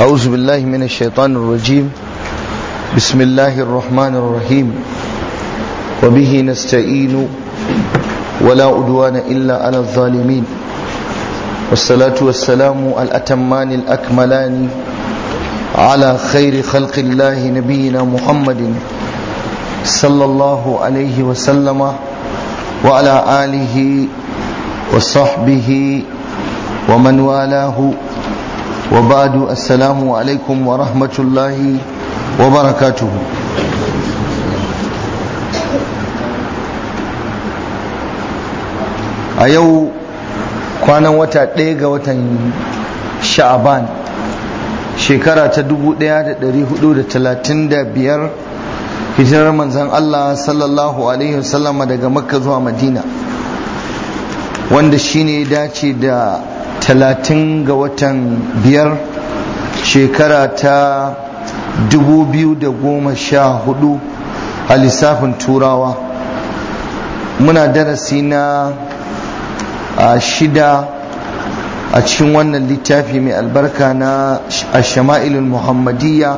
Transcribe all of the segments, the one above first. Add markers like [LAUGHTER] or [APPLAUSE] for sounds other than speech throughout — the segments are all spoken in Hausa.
أعوذ بالله من الشيطان الرجيم بسم الله الرحمن الرحيم وبه نستعين ولا أدوان إلا على الظالمين والصلاة والسلام الأتمان الأكملان على خير خلق الله نبينا محمد صلى الله عليه وسلم وعلى آله وصحبه ومن والاه assalamu alaikum wa rahmatullahi wa وبركاته a yau kwanan wata ɗaya ga watan sha'aban shekara ta dubu ɗaya da biyar, hijirar manzan Allah sallallahu alaihi Wasallama daga makka zuwa madina wanda shine dace da talatin ga watan biyar shekara ta dubu biyu da goma sha hudu a lissafin turawa muna darasi na a shida a cikin wannan littafi mai albarka na a ashama'ilul muhammadiyya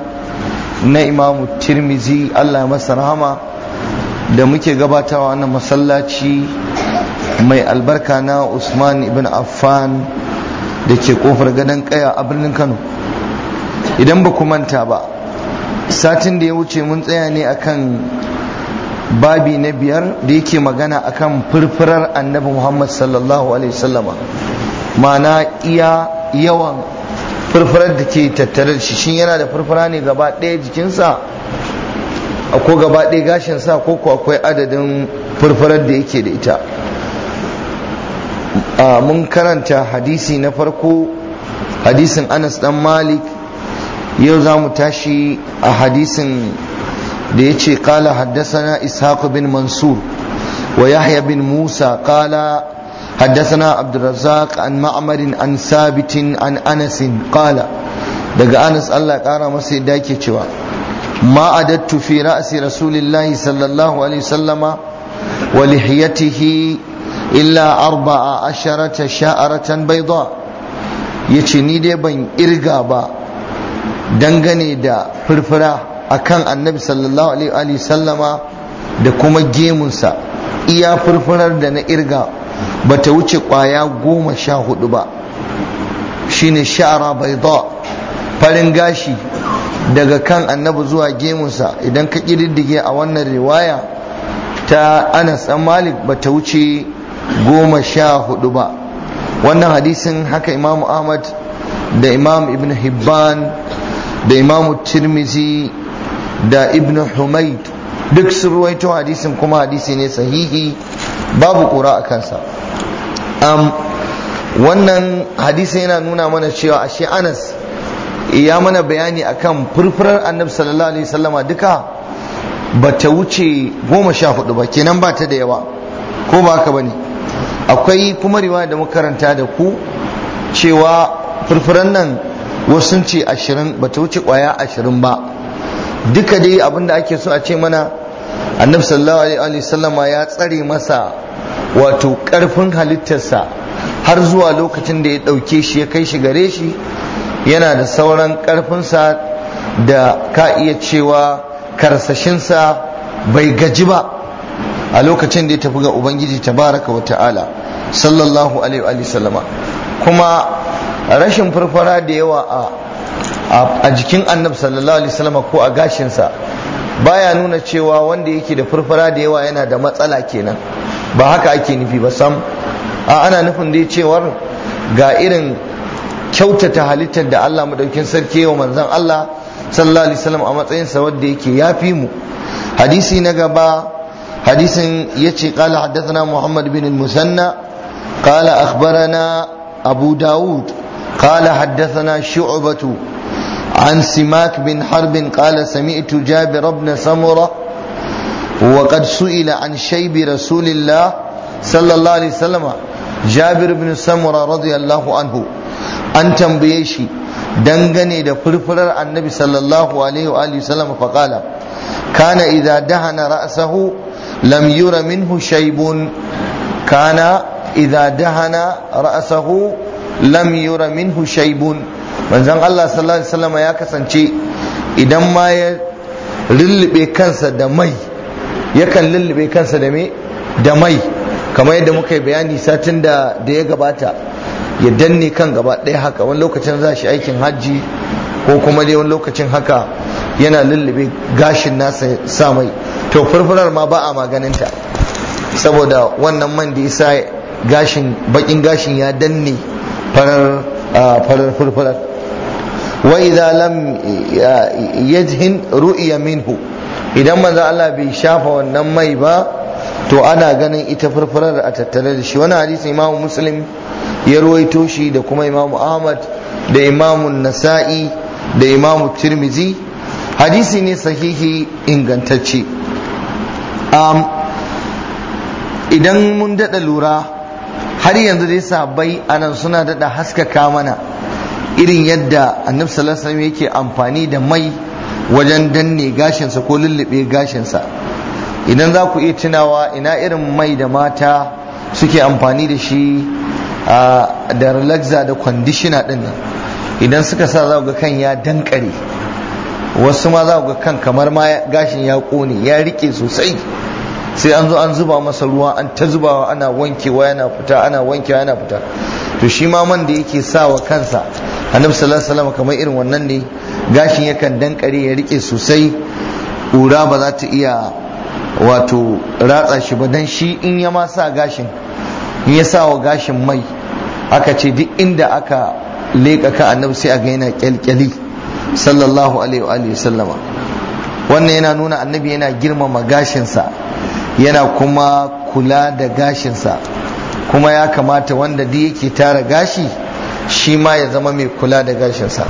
na imamu tirmizi allah masa rahama da muke gabatawa wannan masallaci mai albarka na usman ibn affan da ke kofar gadon kaya a birnin kano idan ba ku manta ba satin da ya wuce mun tsaya ne akan babi na biyar da yake magana akan furfurar annabi muhammad sallallahu alaihi wasallama ma'ana iya yawan furfurar da ke tattare shi, shi yana da furfura ne gaba ɗaya jikinsa ko gaba ɗaya gashinsa ko ko akwai adadin furfurar da yake da ita mun karanta hadisi na farko hadisin anas dan malik yau za mu tashi a hadisin da ya ce kala haddasana ishaq bin mansur wa yahya bin musa kala حدثنا عبد an an an sabitin, an Anasin, انس Daga Anas Allah الله masa yadda ke cewa ma adattu fi ra'si rasulillahi sallallahu alaihi sallama wa lihiyatihi illa arba'a asharata sha'aratan bayda yace ni dai ban irga ba dangane da furfura akan annabi sallallahu alaihi sallama da kuma gemunsa iya furfurar da na irga ba ta wuce kwaya goma sha hudu ba shine sha'ara bayda farin gashi daga kan annabi zuwa gemunsa idan ka kididdige a wannan riwaya ta anas an ba ta wuce goma sha hudu ba wannan hadisin haka imamu ahmad da imam ibn hibban da imam tirmizi da ibn humayt duk sun ruwaito hadisin kuma hadisi ne sahihi babu kura a kansa wannan hadisin yana nuna mana cewa ashe anas ya mana bayani akan furfurar annab sallallahu alaihi wasallama duka ba ta wuce goma sha hudu ba kenan ba ta da yawa ko ba haka ba ne akwai kuma riwaya da makaranta da ku cewa furfuran nan wasu ce ashirin ba ta wuce kwaya ashirin ba duka dai abinda ake so a ce mana annabi sallallahu alaihi ya tsare masa wato karfin halittarsa har zuwa lokacin da ya dauke shi ya kai shi gare shi yana da sauran karfinsa da ka iya cewa karsashinsa bai gaji ba a lokacin da ya tafi ga ubangiji tabaraka wa ta'ala sallallahu alaihi wa sallama kuma rashin farfara da yawa a jikin annab sallallahu alaihi sallama ko a gashinsa baya nuna cewa wanda yake da farfara da yawa yana da matsala kenan ba haka ake nufi ba sam a ana nufin dai cewar ga irin kyautata halittar da Allah madaukin sarki wa manzon Allah sallallahu alaihi sallam a matsayinsa sa wanda yake yafi mu hadisi na gaba حديث يتي قال حدثنا محمد بن المثنى قال أخبرنا أبو داود قال حدثنا شعبة عن سماك بن حرب قال سمعت جابر بن سمرة وقد سئل عن شيب رسول الله صلى الله عليه وسلم جابر بن سمرة رضي الله عنه أن تنبيشي دنغني دا فرفرر النبي صلى الله عليه وآله وسلم فقال كان إذا دهن رأسه lam yura minhu kana izadahana dahana ra'sahu lam yura minhu manzon Allah sallallahu alaihi wasallam ya kasance idan ma ya lullube kansa da mai yakan lullube kansa da me da mai kamar yadda muka yi bayani satin da da ya gabata ya danne kan gaba ɗaya haka wani lokacin za shi aikin hajji ko kuma dai wani lokacin haka yana lullube gashin nasa samai to furfurar ma ba a maganinta saboda wannan man da isa gashin bakin gashin ya danne farar farar furfurar wa idza lam yajhin ru'ya minhu idan manzo Allah bai shafa wannan mai ba to ana ganin ita furfurar a tattare da shi wani hadisi Imam muslim ya ruwaito shi da kuma Imam ahmad da imamu nasa'i da imamu tirmizi hadisi ne sahihi ingantacce um, idan mun daɗa lura har yanzu dai sabai anan suna daɗa haskaka mana irin yadda annab sallallahu yake amfani da mai wajen danne gashinsa ko lullube gashinsa idan za ku iya tunawa ina irin mai da mata suke amfani da shi da relaxer da kwandishina ɗin nan idan suka sa za ga kan ya dankare wasu ma za ga kan kamar ma gashin ya kone ya rike sosai sai an zo an zuba masa ruwa an ta zubawa ana wankewa yana fita ana wankewa yana fita to shi ma man da yake sawa kansa annabi sallallahu alaihi wasallam kamar irin wannan ne gashin yakan dankare ya rike sosai ƙura ba za ta iya wato ratsa shi ba dan shi in ya ma sa gashin in ya sa wa gashin mai aka ce duk inda aka leƙa ka annabi sai a ga yana kyalkyali sallallahu alaihi wa sallama wannan yana nuna annabi yana girmama gashinsa yana kuma kula da gashinsa kuma ya kamata wanda duk yake tara gashi shi ma ya zama mai kula da gashinsa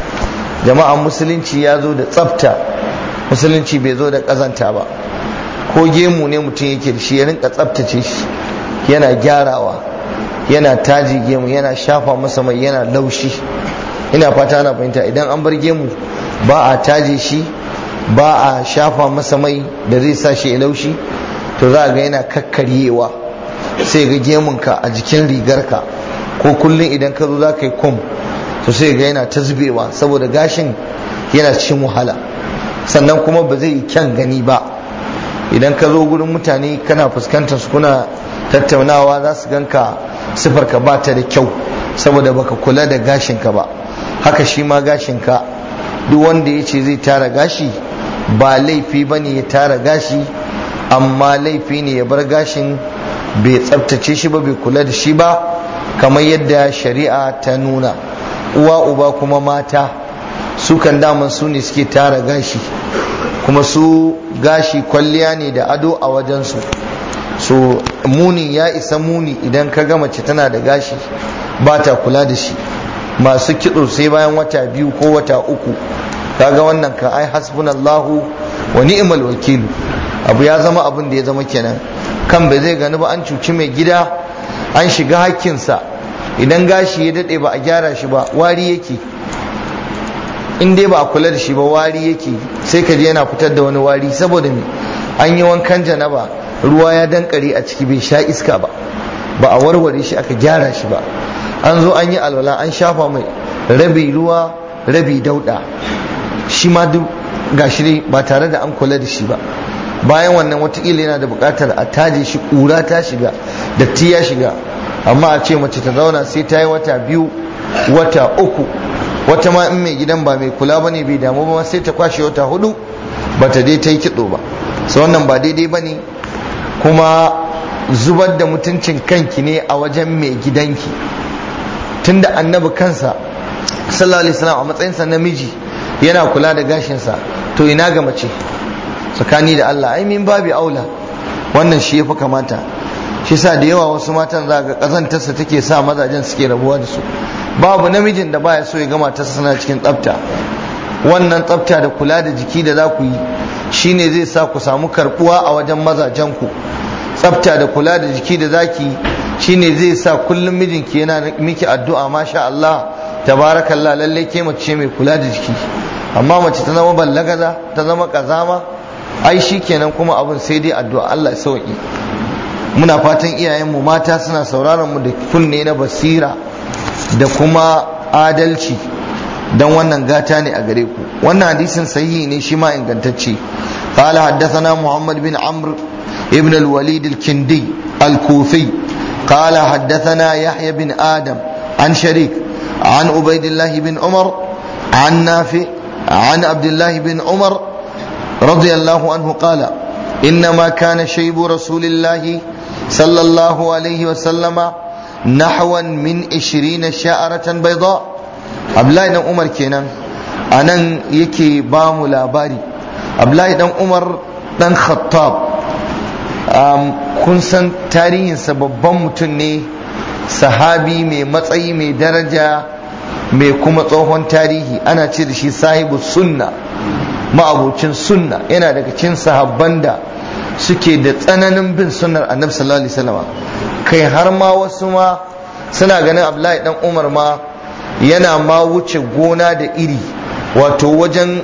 jama'a musulunci ya zo da tsafta musulunci bai zo da kazanta ba ko gemu ne mutum yake da shi ya rinka tsaftace shi yana gyarawa yana taji gemu yana shafa masa mai yana laushi ina fata ana fahimta idan an bar gemu ba a taje shi ba a shafa masa mai da zai sa shi laushi to za a ga yana kakkaryewa sai ga gemun ka a jikin rigarka ko kullum idan ka zo za ka yi kum to sai ga yana ta zubewa saboda gashin yana cikin wahala sannan kuma ba zai yi kyan gani ba idan ka zo gurin mutane kana fuskantar su kuna tattaunawa za su ganka sifarka ba ta da kyau saboda baka kula da gashin ka ba haka shi ma gashinka duk wanda ya ce zai tara gashi ba laifi ba ne ya tara gashi amma laifi ne ya bar gashin bai tsabtace shi ba bai kula da shi ba kamar yadda shari'a ta nuna uwa uba kuma mata sukan kan daman su ne suke tara gashi kuma su gashi kwalliya ne da ado a wajensu so muni ya isa muni idan ka ga mace tana da gashi ba ta kula da shi masu kitso sai bayan wata biyu ko wata uku kaga wannan ka ai hasbunallahu wa ni'mal wakil abu ya zama abin da ya zama kenan kan ba zai gani ba an cuci mai gida an shiga hakkinsa idan gashi ya dade ba a gyara shi ba wari yake in dai ba a kula da shi ba wari yake sai ka je yana fitar da wani wari saboda me an yi wankan janaba ruwa ya dankare a ciki bai sha iska ba ba a warware shi aka gyara shi ba an zo an yi alwala an shafa mai rabi ruwa rabi dauda shi ma duk gashi ba tare da an kula da shi ba bayan wannan watakila yana da bukatar a taje shi kura ta shiga datti ya shiga amma a ce mace ta zauna sai ta yi wata biyu wata uku wata ma in mai gidan ba mai kula bane bai damu ba sai ta kwashe wata hudu ba ta dai ta yi kitso ba sai wannan ba daidai bane kuma zubar da mutuncin kanki ne a wajen mai gidanki tunda annabi kansa sallallahu alaihi wasallam a matsayinsa namiji yana kula da gashinsa to ina ga mace tsakani da Allah ai min babi aula wannan shi yafi kamata shi sa da yawa wasu matan za ga kazantarsa take sa mazajen suke rabuwa da su babu namijin da baya so ya gama ta suna cikin tsafta wannan tsafta da kula da jiki da za ku yi shine zai sa ku samu karbuwa a wajen mazajen ku tsafta da kula da jiki da zaki shine zai sa kullum mijinki yana miki addu'a masha Allah tabarakallah lalle ke mace mai kula da jiki amma mace ta zama ballagaza ta zama kazama ai kenan kuma abin sai dai addu'a Allah ya sauki muna fatan iyayenmu mata suna sauraron mu da kunne na basira da kuma adalci dan wannan gata ne a gare ku wannan hadisin sahihi ne shi ma ingantacce قال حدثنا محمد بن عمرو ابن الوليد الكندي الكوفي قال حدثنا يحيى بن آدم عن شريك عن عبيد الله بن عمر عن نافع عن عبد الله بن عمر رضي الله عنه قال إنما كان شيب رسول الله صلى الله عليه وسلم نحوا من عشرين شعرة بيضاء Abdullahi dan Umar kenan anan yake ba mu labari Abdullahi dan Umar dan Khattab Um, kun san tarihinsa babban mutum ne sahabi mai matsayi mai daraja mai kuma tsohon tarihi ana ce da shi sahibu sunna ma'abocin sunna yana daga cikin sahabban da suke da tsananin bin sunnar annabi sallallahu alaihi wasallam kai har ma wasu ma suna ganin abdullahi dan umar ma yana ma wuce gona da iri wato wajen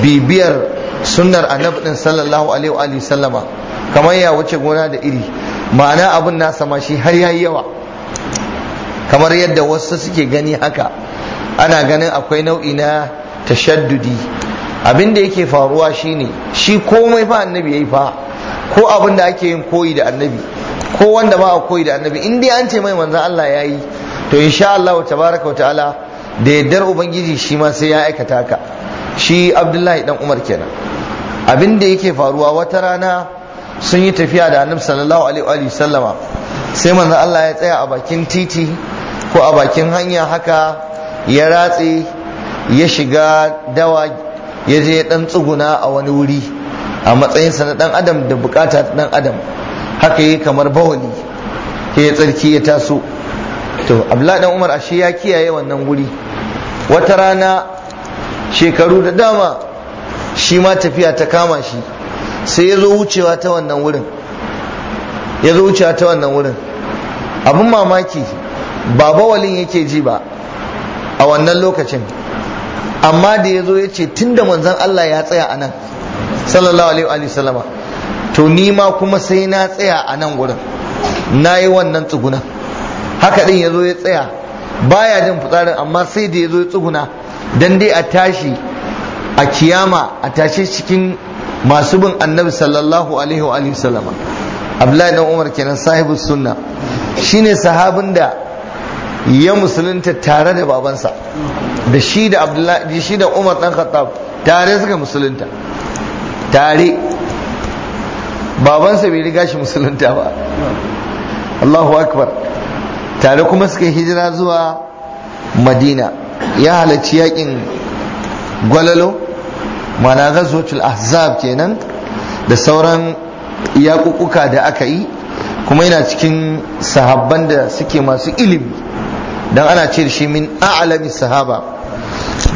bibiyar sunnar annabi din sallallahu alaihi kamar ya wuce gona da iri ma'ana abin nasa ma shi har yayi yawa kamar yadda wasu suke gani haka ana ganin akwai nau'i na tashaddudi abin da yake faruwa shine shi komai fa annabi yayi fa ko abin da ake yin koyi da annabi ko wanda ba a koyi da annabi in dai an ce mai manzon Allah yayi to insha Allah tabaraka wa ta'ala da yaddar ubangiji shi ma sai ya aikata ka shi Abdullahi dan Umar kenan abin da yake faruwa wata rana sun yi tafiya da annabi sallallahu alaihi wa sallama sai manzo Allah ya tsaya a bakin titi ko a bakin hanya haka ya ratse ya shiga dawa ya je dan tsuguna a wani wuri a matsayinsa na dan adam da bukata ta dan adam haka yi kamar bawali ya tsarki ya taso to abdullahi dan umar ashe ya kiyaye wannan wuri wata rana shekaru da dama shi ma tafiya ta kama shi sai ya zo wucewa ta wannan wurin ya zo wucewa ta wannan wurin abin mamaki ba bawalin yake ji ba a wannan lokacin amma da ya zo ya ce tun da manzon Allah ya tsaya a nan sallallahu alaihi wa sallama to ni ma kuma sai na tsaya a nan wurin na yi wannan tsuguna haka din ya zo ya tsaya baya jin fitsarin amma sai da ya zo ya tsuguna dan dai a tashi a kiyama a tashi cikin masu bin annabi sallallahu alaihi wa alihi sallama abdullahi dan umar kenan sahibu sunna shine sahabin da ya musulunta tare da babansa da shi da abdullahi shi da umar dan khattab tare suka musulunta tare babansa bai riga shi musulunta ba Allahu akbar tare kuma suka hijira zuwa madina ya halarci yakin gwalalo mana ghazwatul ahzab kenan da sauran yaƙuƙuka da aka yi kuma yana cikin sahabban da suke masu ilimi dan ana ce shi min a'lami sahaba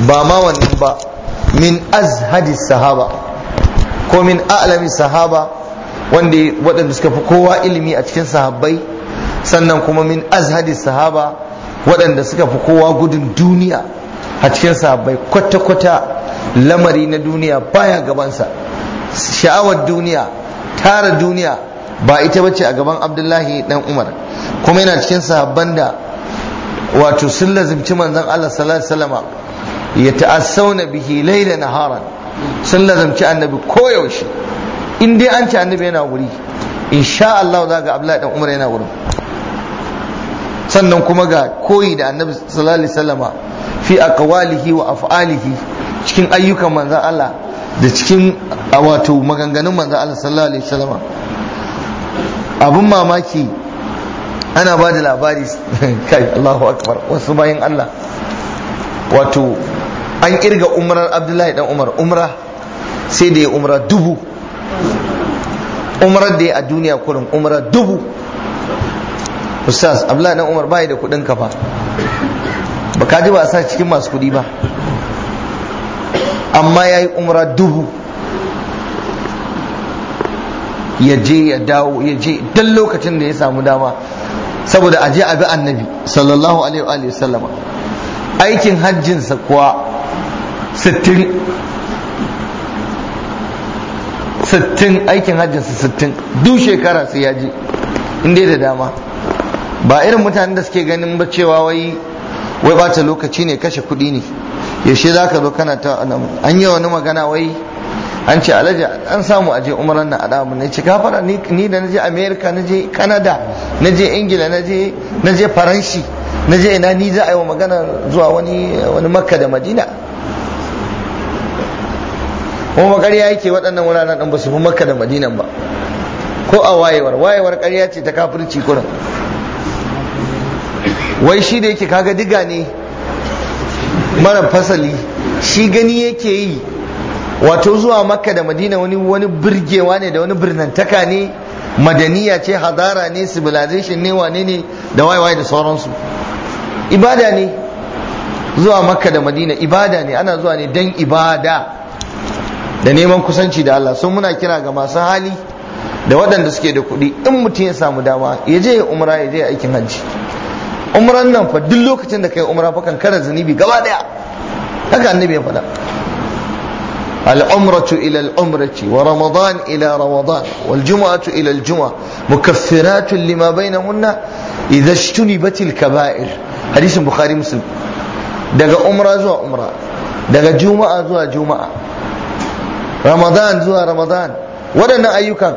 ba ma wannan ba min hadis sahaba ko min a'lami sahaba wanda waɗanda suka fi kowa ilimi a cikin sahabbai sannan kuma min azhadi sahaba waɗanda suka fi kowa gudun duniya a cikin sahabbai kwata-kwata lamari na duniya baya gabansa sha'awar duniya tara duniya ba ita bace a gaban abdullahi dan umar kuma yana cikin sahabban da wato sun lazimci manzon Allah sallallahu alaihi wasallam ya ta'assauna bihi layla naharan sun lazimci annabi koyaushe in dai an ci annabi yana wuri insha Allah za ga abdullahi dan umar yana wurin sannan kuma ga koyi da annabi sallallahu alaihi wasallama fi aqwalihi wa af'alihi cikin ayyukan manzan Allah da cikin wato maganganun manzan Allah sallallahu alaihi wasallam abun mamaki ana ba da labari [LAUGHS] kai Allahu akbar wasu bayan Allah wato an kirga umrar Abdullahi dan Umar umra sai da ya umra dubu umrar da ya a duniya kurin umra dubu ustaz Abdullahi dan Umar bai da kudin kafa ba ka ji ba a sa cikin masu kudi ba amma ya yi umra dubu ya je ya dawo ya je dan lokacin da ya samu dama saboda a je a bi annabi sallallahu alaihi wa sallama aikin hajjinsa kuwa sittin aikin hajjinsa sittin duk shekara sai ya je inda da dama ba irin mutanen da suke ganin ba cewa wai wai bata lokaci ne kashe kuɗi ne yaushe za ka zo kana ta an yi wani magana wai an ce alaji an samu aje umaran na adamu ne cika fara ni da naje america naje canada naje ingila naje naje faranshi naje ina ni za a yi wa magana zuwa wani wani makka da madina kuma ƙarya yake waɗannan wuraren ɗan ba su fi makka da madina ba ko a wayewar wayewar ƙarya ce ta kafirci kurin wai shi da yake kaga diga ne mara fasali shi gani yake yi wato zuwa makka da madina wani wani birgewa ne da wani birnantaka ne madaniya ce hadara ne civilization ne wane ne da waiwai da sauransu ibada ne zuwa makka da madina ibada ne ana zuwa ne don ibada da neman kusanci da Allah sun muna kira ga masu hali da waɗanda suke da kuɗi in mutum ya samu dama ya je ya umara ya je aikin hajji umran nan fa duk lokacin da kai umara fakan kara zunubi gaba daya haka annabi ya faɗa al'umratu ila al'umrati wa ramadan ila ramadan wal jumu'atu ila al jumu'ah mukaffiratu lima bainahunna idza ishtunibatil kaba'ir hadith bukhari muslim daga umra zuwa umra daga juma'a zuwa juma'a ramadan zuwa ramadan waɗannan ayyukan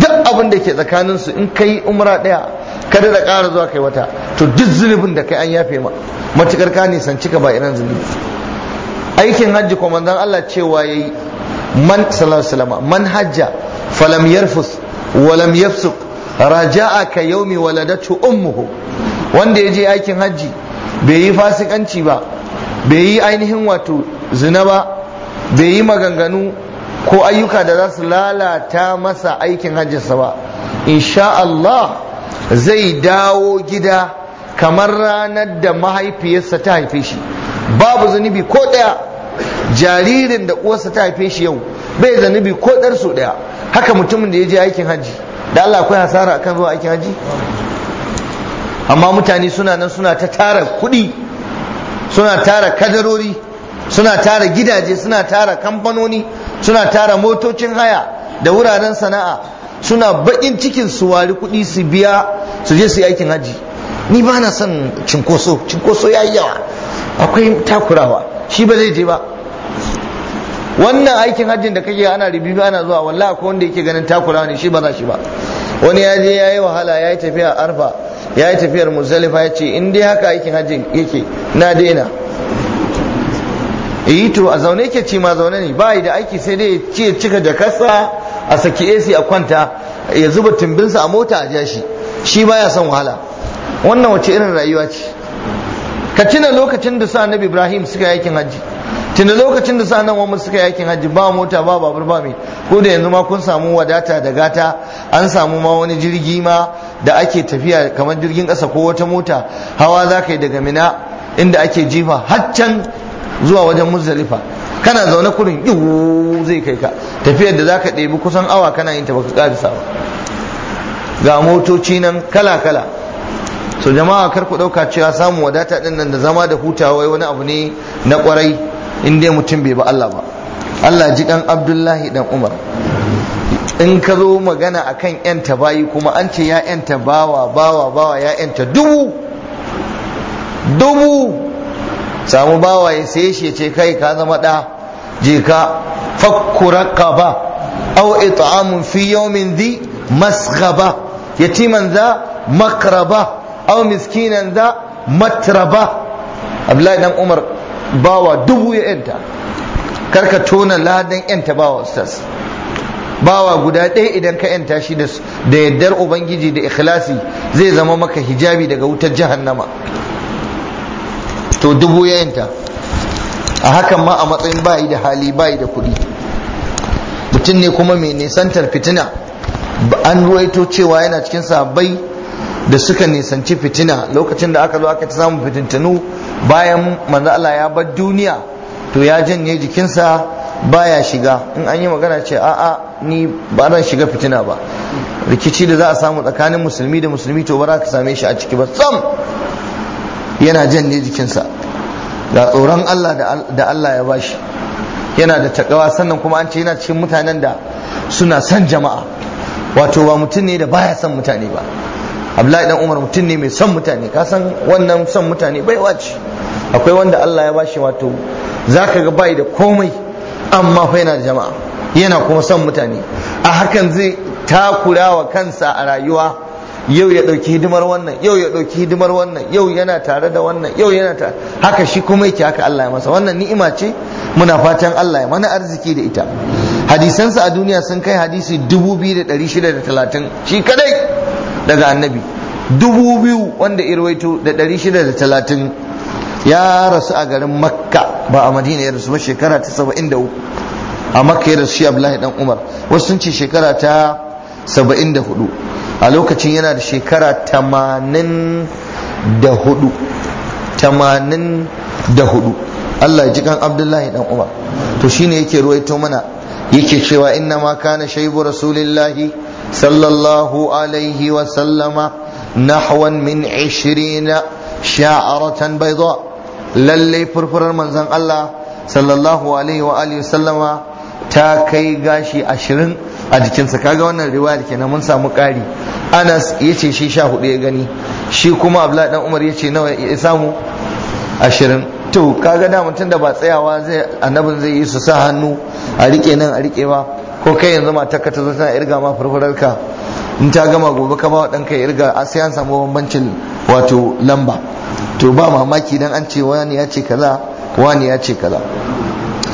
duk abin da ke tsakanin su in kai umra ɗaya kada da ƙara zuwa kai wata to duk zunubin da kai an yafe ma matuƙar ka nisan cika ba irin zunubi aikin hajji kuma Allah cewa yayi man sallallahu alaihi wasallam man hajja falam yarfus wa lam yafsuq raja'a ka yawmi waladatu ummuhu wanda yaje aikin hajji bai yi fasikanci ba bai yi ainihin wato zina ba bai yi maganganu ko ayyuka da za su lalata masa aikin hajjinsa ba insha Allah zai dawo gida kamar ranar da mahaifiyarsa ta haife shi babu zunubi ko ɗaya jaririn da uwarsa ta haife shi yau bai zunubi ko ɗar su ɗaya haka mutumin da ya je aikin hajji da Allah akwai hasara akan zuwa aikin hajji amma mutane suna nan suna ta tara kuɗi suna tara kadarori suna tara gidaje suna tara kamfanoni suna tara motocin haya da wuraren sana'a suna baƙin cikin su wari kuɗi su biya su je su yi aikin hajji ni ba na son cinkoso cinkoso ya yi yawa akwai takurawa shi ba zai je ba wannan aikin hajjin da kake ana ribi ba ana zuwa wallahi akwai wanda yake ganin takurawa ne shi ba za shi ba wani ya je ya yi wahala ya yi tafiya arfa ya yi tafiyar muzalifa ya ce in dai haka aikin hajjin yake na daina yi eh to a zaune yake ci ma zaune ne ba da aiki sai dai ya cika jakarsa a saki AC a kwanta ya zuba timbinsa a mota a ja shi shi baya son wahala wannan wace irin rayuwa ce ka tuna lokacin da sa annabi ibrahim suka yakin hajji tuna lokacin da sa nan wani suka yakin hajji ba mota ba babur ba mai ko da yanzu ma kun samu wadata da gata an samu ma wani jirgi ma da ake tafiya kamar jirgin ƙasa ko wata mota hawa za ka yi daga mina inda ake jifa haccan zuwa wajen muzdalifa kana zaune kurin iwu zai kai ka tafiyar da za ka ɗebi kusan awa kana yin ta baka ƙarisa ba ga motoci nan kala kala so jama'a kar ku ɗauka cewa samun wadata ɗin nan da zama da hutawa wani abu ne na kwarai in dai mutum bai ba Allah ba Allah ji ɗan Abdullahi dan Umar in ka zo magana akan yanta bayi kuma an ce ya yanta bawa bawa bawa ya yanta dubu dubu samu bawa ya saye shi ce kai ka zama ɗa je ka fakkuraka ba au it'amun fi yawmin dhi masghaba yatiman za makraba aw miskinan da matraba abdullahi dan umar bawa dubu ya yanta karka tona ladan yanta bawa ustaz bawa guda ɗaya idan ka yanta shi da yardar ubangiji da ikhlasi zai zama maka hijabi daga wutar jahannama to dubu ya yanta a hakan ma a matsayin bayi da hali bayi da kuɗi mutum ne kuma mai nisantar fitina an ruwaito cewa yana cikin sabai da suka nisanci fitina lokacin da aka zo aka ci samun fitintunu bayan manzo ya bar duniya to ya janye jikinsa baya shiga in an yi magana ce a ni ba zan shiga fitina ba rikici da za a samu tsakanin musulmi da musulmi to ba za ka same shi a ciki ba sam yana janye jikinsa ga tsoron Allah da Allah ya bashi yana da takawa sannan kuma an ce yana cikin mutanen da suna son jama'a wato ba mutum ne da baya son mutane ba abdullahi dan umar mutum ne mai son mutane ka san wannan son mutane baiwa ce akwai wanda Allah ya bashi wato zaka ga bai da komai amma fa yana da jama'a yana kuma son mutane a hakan zai wa kansa a rayuwa yau ya ɗauki hidimar wannan yau ya ɗauki hidimar wannan yau yana tare da wannan yau yana tare haka shi kuma yake haka Allah ya masa wannan ni'ima ce muna fatan Allah ya mana arziki da ita hadisansa a duniya sun kai hadisi 2630 shi kadai daga annabi dubu biyu wanda irwaito da ɗari shida da talatin ya rasu a garin makka ba a madina ya rasu ba shekara ta saba'in da uku a makka ya rasu shi abdullahi dan umar wasu sun ce shekara ta saba'in da hudu a lokacin yana da shekara tamanin da hudu tamanin da hudu Allah ji kan Abdullahi dan Umar to shine yake ruwaito mana yake cewa inna ma kana shaibu rasulillahi صلى الله عليه وسلم نحو من عشرين شعرة بيضاء للي فرفر منزن الله صلى الله عليه وآله وسلم تاكي غاشي عشرين a jikinsa kaga wannan riwaya kenan mun samu kari. anas ya ce shi sha hudu ya gani shi kuma abdullahi dan umar ya ce nawa ya samu ashirin to kaga da mutum da ba tsayawa zai annabin zai yi su sa hannu a rike nan a rike ba ko kai yanzu ma ta tana zuwa irga ma furfurar ka in ta gama gobe ka ba wa irga a sai an samu bambancin wato lamba to ba mamaki dan an ce wani ya kaza wani ya kaza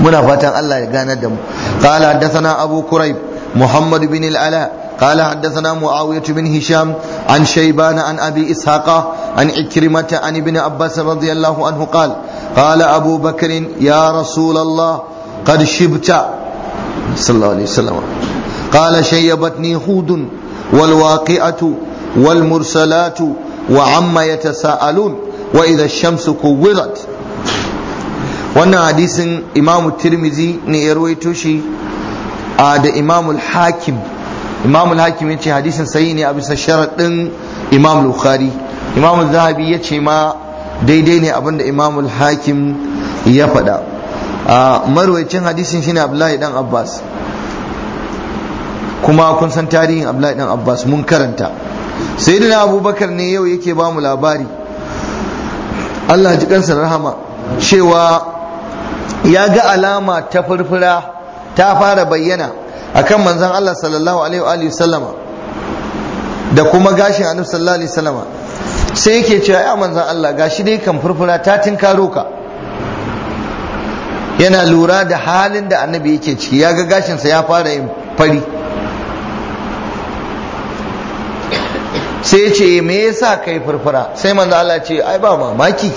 muna fatan Allah ya ganar da mu qala haddathana abu kurayb muhammad bin al-ala qala haddathana muawiyah bin hisham an shayban an abi ishaqa an ikrimata an ibn abbas radiyallahu anhu qala qala abu bakr ya rasul allah qad shibta صلى الله عليه وسلم قال شيبتني هود والواقعة والمرسلات وعما يتساءلون وإذا الشمس كورت wannan hadisin imamu tirmizi ne ya ruwaito shi a da imamul hakim imamul hakim ya ce hadisin sayi ne a bisa sharaɗin imam bukhari imamul zahabi ya ce ma daidai ne abinda imamul hakim ya faɗa marwayacin hadisin shine abdullahi dan abbas kuma kun san tarihin abdullahi dan abbas mun karanta sayyidina abubakar ne yau yake ba mu labari allah ji kansa rahama cewa ya ga alama ta furfura ta fara bayyana akan manzon allah sallallahu alaihi wa sallama da kuma gashin annabi sallallahu alaihi wa sallama sai yake cewa ya manzon allah gashi dai kan furfura ta tinkaro ka yana lura da halin da annabi yake ciki ya ga gashinsa ya fara yin fari sai ce eh, me yasa kai furfura sai manzo Allah ce ai ba mamaki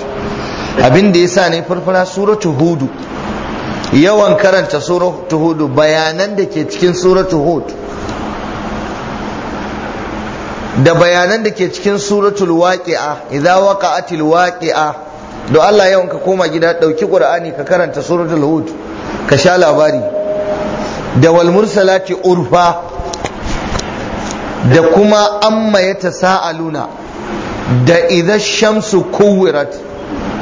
abin da yasa ne furfura suratu hudu yawan karanta suratu hudu bayanan da ke cikin suratu hud da bayanan da ke cikin suratul waqi'a idza waqa'atil waqi'a don Allah yawan ka koma gida ɗauki ƙur'ani ka karanta suratul hud ka sha labari da wal mursalati urfa da kuma amma ya ta sa'aluna da idan shamsu kuwirat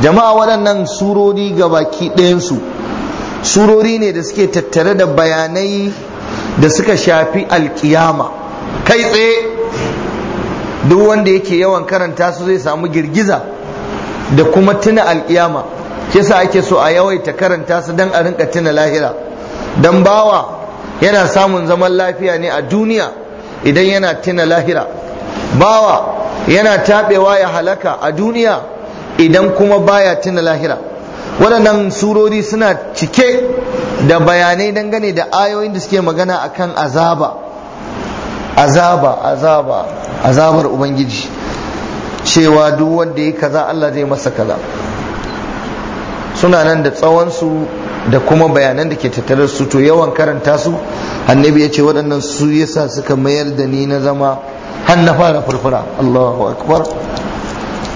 jama'a waɗannan surori ga baki ɗayansu surori ne da suke tattare da bayanai da suka shafi alkiyama kai tsaye duk wanda yake yawan karanta su zai samu girgiza da kuma tuna alkiyama kisa ake so a yawaita karanta su don a rinka tuna lahira don bawa yana samun zaman lafiya ne a duniya idan yana tuna lahira bawa yana taɓewa ya halaka a duniya idan kuma baya tuna lahira waɗannan surori suna cike da bayanai dangane da ayoyin da suke magana akan azaba azaba azaba azabar ubangiji cewa duk wanda ya kaza Allah zai masa kaza suna nan da tsawon su da kuma bayanan da ke tattare su to yawan karanta su annabi ya ce waɗannan su yasa suka mayar da ni na zama har na fara furfura Allahu akbar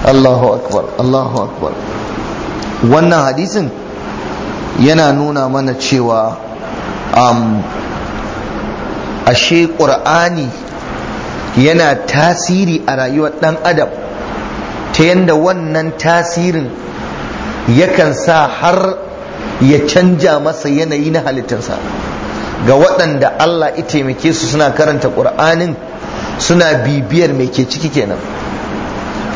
Allahu akbar Allahu akbar wannan hadisin yana nuna mana cewa um, ashe ƙur'ani yana tasiri a rayuwar ɗan adam ta yadda wannan tasirin yakan sa har ya canja masa yanayi na halittarsa ga waɗanda Allah ya taimake su suna karanta ƙur'anin suna bibiyar mai ke ciki kenan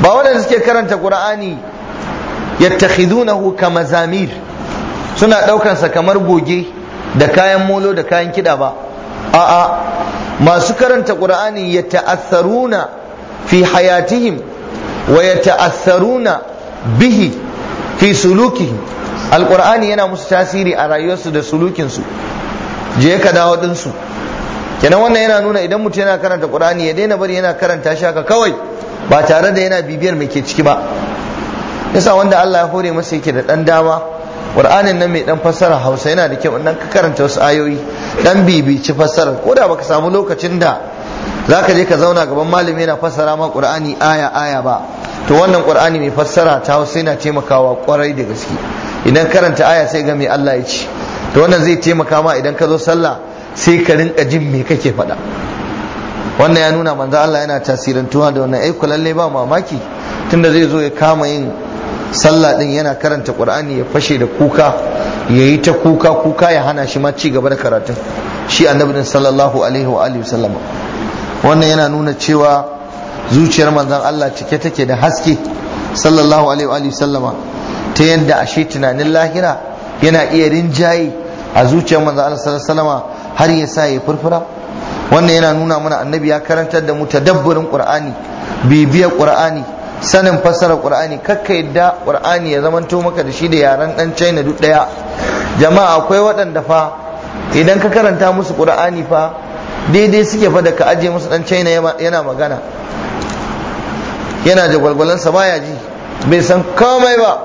ba waɗanda suke karanta ƙur'ani yattakhidunahu kama zamir suna ɗaukansa kamar goge da kayan molo da kayan kiɗa ba a'a masu karanta ƙur'ani ya na fi hayatihim wa yata'atharuna bihi fi sulukihim alqur'ani yana musu tasiri a rayuwarsu da sulukinsu je ka dawo dinsu kenan wannan yana nuna idan mutum yana karanta qur'ani ya daina bari yana karanta shi haka kawai ba tare da yana bibiyar mai ke ciki ba yasa wanda Allah ya hore masa yake da dan dama qur'anin nan mai dan fassara hausa yana da kyau nan ka karanta wasu ayoyi dan bibici fassarar ko da baka samu lokacin da za ka je ka zauna gaban malami yana fassara ma qur'ani aya aya ba to wannan qur'ani mai fassara ta hausa yana taimakawa kwarai da gaske idan karanta aya sai ga mai Allah ya ci to wannan zai taimaka ma idan ka zo sallah sai ka rinka jin me kake faɗa wannan ya nuna manzo Allah yana tasirantuwa da wannan ai lalle ba mamaki tunda zai zo ya kama yin sallah din yana karanta qur'ani ya fashe da kuka yayi ta kuka kuka ya hana shi ma ci gaba da karatun shi annabi sallallahu alaihi wa alihi wasallama wannan yana nuna cewa zuciyar manzan Allah cike take da haske sallallahu alaihi wa sallama ta yadda ashe tunanin lahira yana iya rinjaye a zuciyar manzan Allah sallallahu alaihi sallama har ya sa ya furfura wannan yana nuna mana annabi ya karantar da mu tadabburin qur'ani bibiya qur'ani sanin fassarar qur'ani kakka yadda qur'ani ya zamanto maka da shi da yaran dan china duk daya jama'a akwai waɗanda fa idan ka karanta musu qur'ani fa daidai suke fa da ka aje musu dan china yana magana yana jagwalgwalansa baya ji bai san komai ba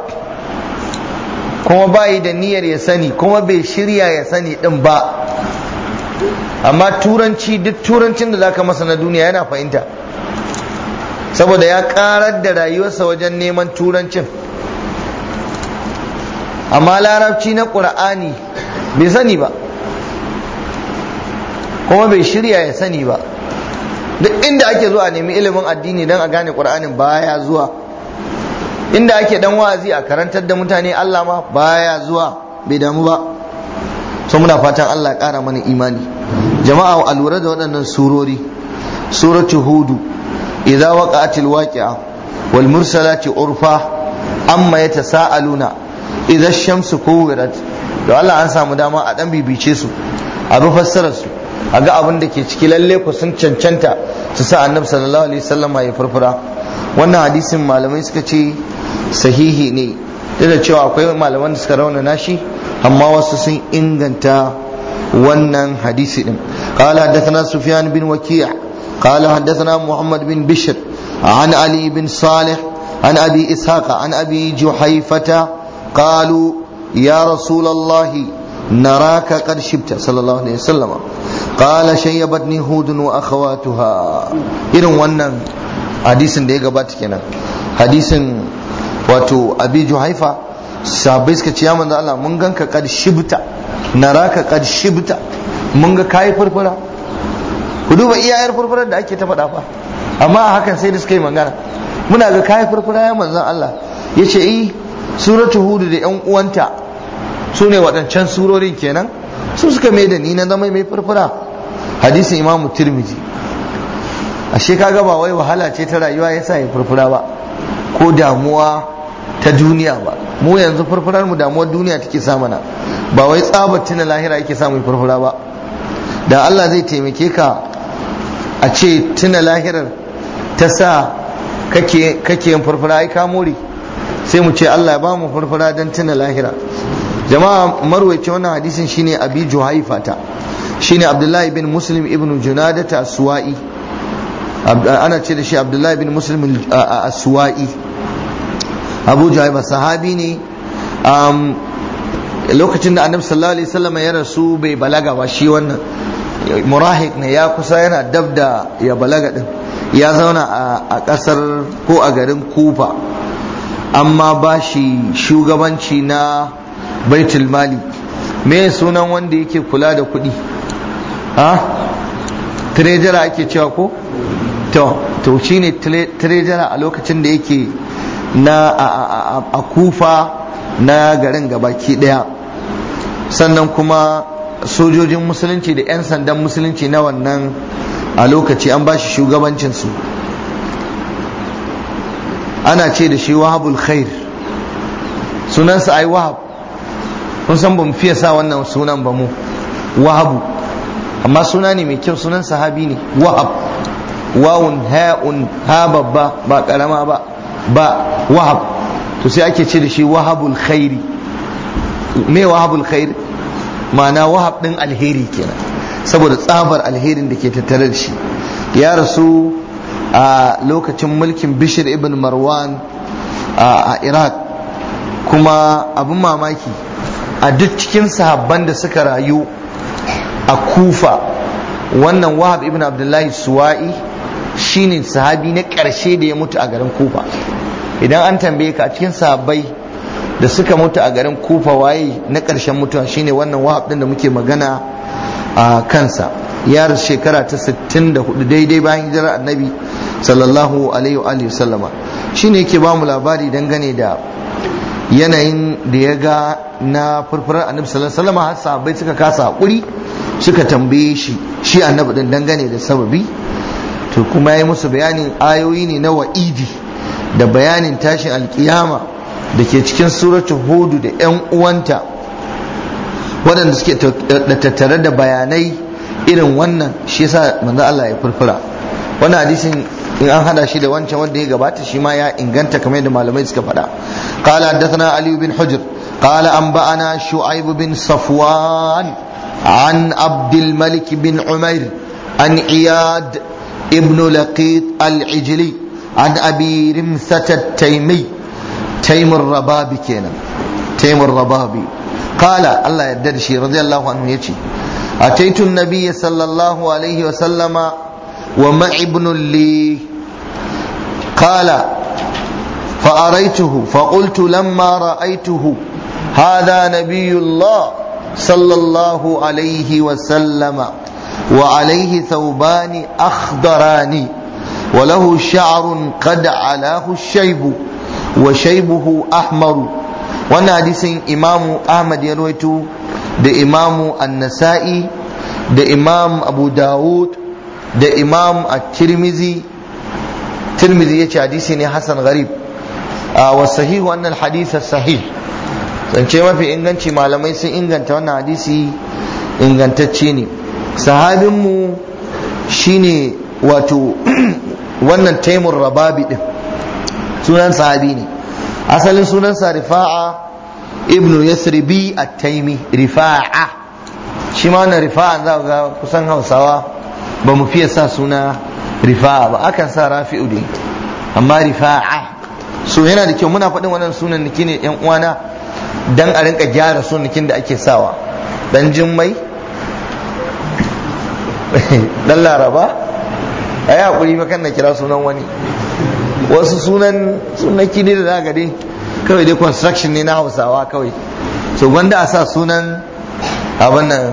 kuma bayi da niyyar ya sani kuma bai shirya ya sani din ba amma turanci duk turancin da zaka masa na duniya yana fahimta saboda ya karar da rayuwarsa wajen neman turancin amma larabci na ƙur'ani bai sani ba kuma bai shirya ya sani ba duk inda ake zuwa nemi ilimin addini don a gane qur'anin baya zuwa inda ake dan wa'azi a karantar da mutane Allah ma baya zuwa bai damu ba sun muna fatan Allah ƙara kara mana imani jama'a a lura da waɗannan surori suratu hudu idza waqa'atil waqi'a wal mursalati urfa amma yatasaaluna idza ash-shamsu kuwirat to Allah an samu dama a ɗan bibice su a bi fassarar a ga abin da ke ciki lalle ku sun cancanta su sa annabi sallallahu alaihi wasallam ya furfura wannan hadisin malamai suka ce sahihi ne duk da cewa akwai malaman da suka raunana shi amma wasu sun inganta wannan hadisi din qala hadathana sufyan bin waki' qala hadathana muhammad bin bishr an ali bin salih an abi ishaq an abi juhayfata qalu ya rasul allah naraka qad shibta sallallahu alaihi wasallam قال shayyabatni hudun wa akhawatuha irin wannan hadisin da ya gabata kenan hadisin wato abi juhaifa sabai suka ce ya manzo Allah mun ganka kad shibta naraka kad shibta mun ga kai furfura ku duba iyayar furfurar da ake ta faɗa fa amma a hakan sai da suka yi magana muna ga kai furfura ya manzo Allah yace eh suratu hudu da yan uwanta sune waɗancan surorin kenan su suka mai da ni na zama mai furfura hadisin imamu Tirmiji. ashe kaga ba wai wahala ce ta rayuwa yasa ya furfura ba ko damuwa ta duniya ba mu yanzu furfurar mu damuwar duniya take sa mana ba wai tsabar tuna lahira yake sa mu furfura ba da Allah zai taimake ka a ce tuna lahirar ta sa kake yin furfura ai ka more sai mu ce Allah ya ba mu furfura don tuna lahira jama'a marwaci wannan hadisin shine abi juhaifata shine abdullahi bin muslim ibn junadata suwa'i ana ce da shi abdullahi bin muslim suwa'i abu juhaifa sahabi ne lokacin da annabi sallallahu alaihi wasallam ya rasu bai balaga ba shi wannan murahik ne ya kusa yana dab da ya balaga din ya zauna a kasar ko a garin kufa amma ba shi shugabanci na baitul mali me sunan wanda yake kula da kuɗi ha trejara ake cewa ko to to shine trejara a lokacin da yake na a kufa na garin gabaki daya sannan kuma sojojin musulunci da 'yan sandan musulunci na wannan a lokaci an ba shi shugabancinsu ana ce da shi wahabul khair sunansa ai wahab kun san bamu fiye sa wannan sunan ba mu wahabu amma suna ne mai kyau sunan sahabi ne wahab wawun ha'un ha babba ba karama ba ba wahab to sai ake ce da shi wahabul khairi me wahabul khairi ma'ana wahab din alheri kenan saboda tsabar alherin da ke tattare da shi ya rasu a lokacin mulkin bishir ibn marwan a iraq kuma abin mamaki a duk cikin sahabban da suka rayu a kufa wannan wahab ibn abdullahi suwa'i shine sahabi na ƙarshe da ya mutu a garin kufa idan an tambaye ka a cikin sahabbai da suka mutu a garin kufa waye na ƙarshen mutuwa shine wannan wahab ɗin da muke magana a kansa ya shekara ta 64 daidai bayan hijirar annabi sallallahu alaihi wa sallama shine yake ba mu labari dangane da yanayin da ya ga na furfurar annabi sallallahu alaihi har sahabbai suka kasa hakuri suka tambaye shi shi annabi din dangane da sababi to kuma ya yi musu bayanin ayoyi ne na wa'idi da bayanin tashin alkiyama da ke cikin suratul hudu da yan uwanta waɗanda suke tattare da bayanai irin wannan shi yasa manzo Allah ya furfura wannan hadisin in an hada shi da wancan wanda ya gabata shi ma ya inganta kamar yadda malamai suka faɗa qala haddathana ali bin hujr qala anba'ana shu'aib bin safwan an abdul malik bin umair an iyad ibn laqit al-ijli an abi rimsat at-taymi taymur rababi kenan taymur rababi qala Allah ya yarda shi radiyallahu anhu yace ataitu an-nabiy sallallahu alaihi wa sallama ومعي ابن لي قال فأريته فقلت لما رأيته هذا نبي الله صلى الله عليه وسلم وعليه ثوبان أخضران وله شعر قد علاه الشيب وشيبه أحمر وانا حديث إمام أحمد يرويته ده إمام النسائي ده إمام أبو داود da imam a tirmizi tirmizi ya ce hadisi ne hasan gharib wa sahih wannan hadisa sahih zance mafi inganci malamai sun inganta wannan hadisi ingantacce ne sahabinmu shine wato [CLEARS THROAT] wannan taimur rababi din sunan sahabi ne asalin sunansa rifa'a ibnu yasribi at-taimi rifa'a shi ma wannan Rifa'a za ga kusan hausawa ba mu fiye sa suna rifa'a ba akan sa rafi'u ne amma rifa'a so yana da kyau muna faɗin wannan sunan niki ne yan uwana dan a rinka gyara sunan niki da ake sawa dan jummai dan [LAUGHS] laraba ai hakuri ba kan na kira sunan wani wasu sunan sunnaki ne da zaka dai kawai dai construction ne na Hausawa kawai so gwanda a sa sunan abin nan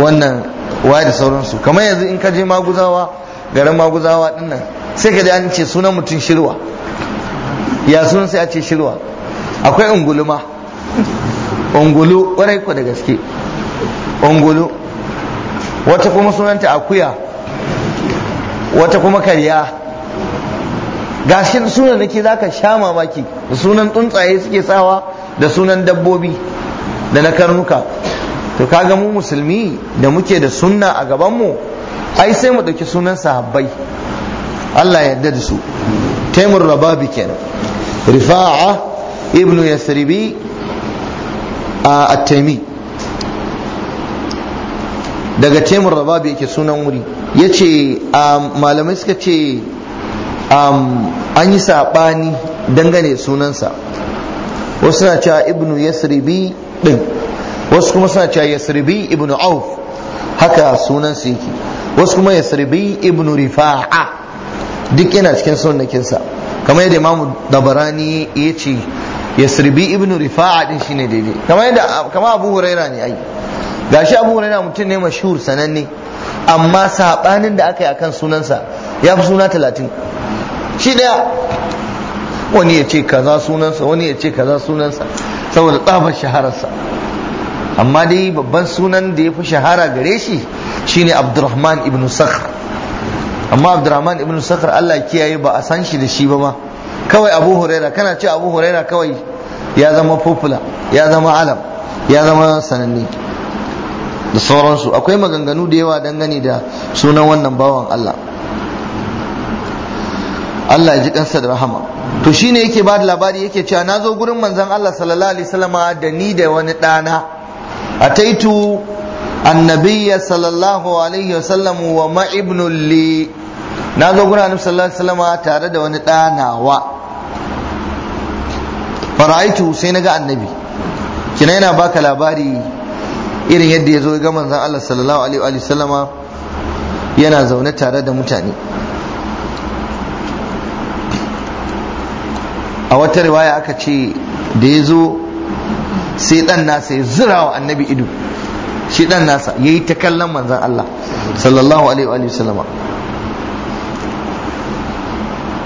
wannan waye da sauransu kamar yanzu in ka je maguzawa garin maguzawa dinnan sai ka ji an ce sunan mutum shirwa ya sunan sai a ce shirwa akwai ungulu ma ungulu kwarai ku da gaske ungulu wata kuma sunanta akuya wata kuma karya gashin sunan nake zaka sha mamaki sunan tsuntsaye suke sawa da sunan dabbobi da na karnuka to kaga mu musulmi da muke da sunna a gaban mu. ai sai mu ɗauki sunan sahabbai Allah ya yarda da su taimur rababi kenan rifa'a ibnu yasribi a attaimi daga taimur rababi yake sunan wuri ya ce malamai suka ce an yi saɓani dangane sunansa wasu na cewa ibnu yasribi din. wasu kuma suna cewa yasribi ibn auf haka sunan su yake wasu kuma yasribi ibn rifa'a duk yana cikin sunnakin sa kamar yadda imam dabarani ya ce yasribi ibn rifa'a din shine daidai kamar yadda kamar abu huraira ne ai gashi abu huraira mutum ne mashhur sananne amma sabanin da aka yi akan sunansa ya fi suna talatin shi daya wani ya ce kaza sunansa wani ya ce kaza sunansa saboda tsabar shahararsa amma dai babban sunan da ya fi shahara gare shi shine abdurrahman ibn sakhr amma abdurrahman ibn sakhr Allah kiyaye ba a san shi da shi ba ma kawai abu huraira kana ce abu huraira kawai ya zama popular ya zama alam ya zama sananne da sauransu akwai maganganu da yawa dangane da sunan wannan bawan Allah Allah ya ji kansa da rahama to shine yake ba da labari yake cewa na zo gurin manzon Allah sallallahu alaihi wasallama da ni da wani ɗana أتيت النبي صلى الله عليه وسلم وما ابن لي نازو قرآن صلى الله عليه وسلم تارد ونتانا و فرأيته سينغا النبي kina yana baka labari irin yadda ya zo ga manzon Allah sallallahu alaihi wa yana zaune tare da mutane a wata riwaya aka ce da ya sai dan nasa ya zira wa annabi ido shi dan nasa ya yi ta kallon manzan Allah sallallahu alaihi wa sallama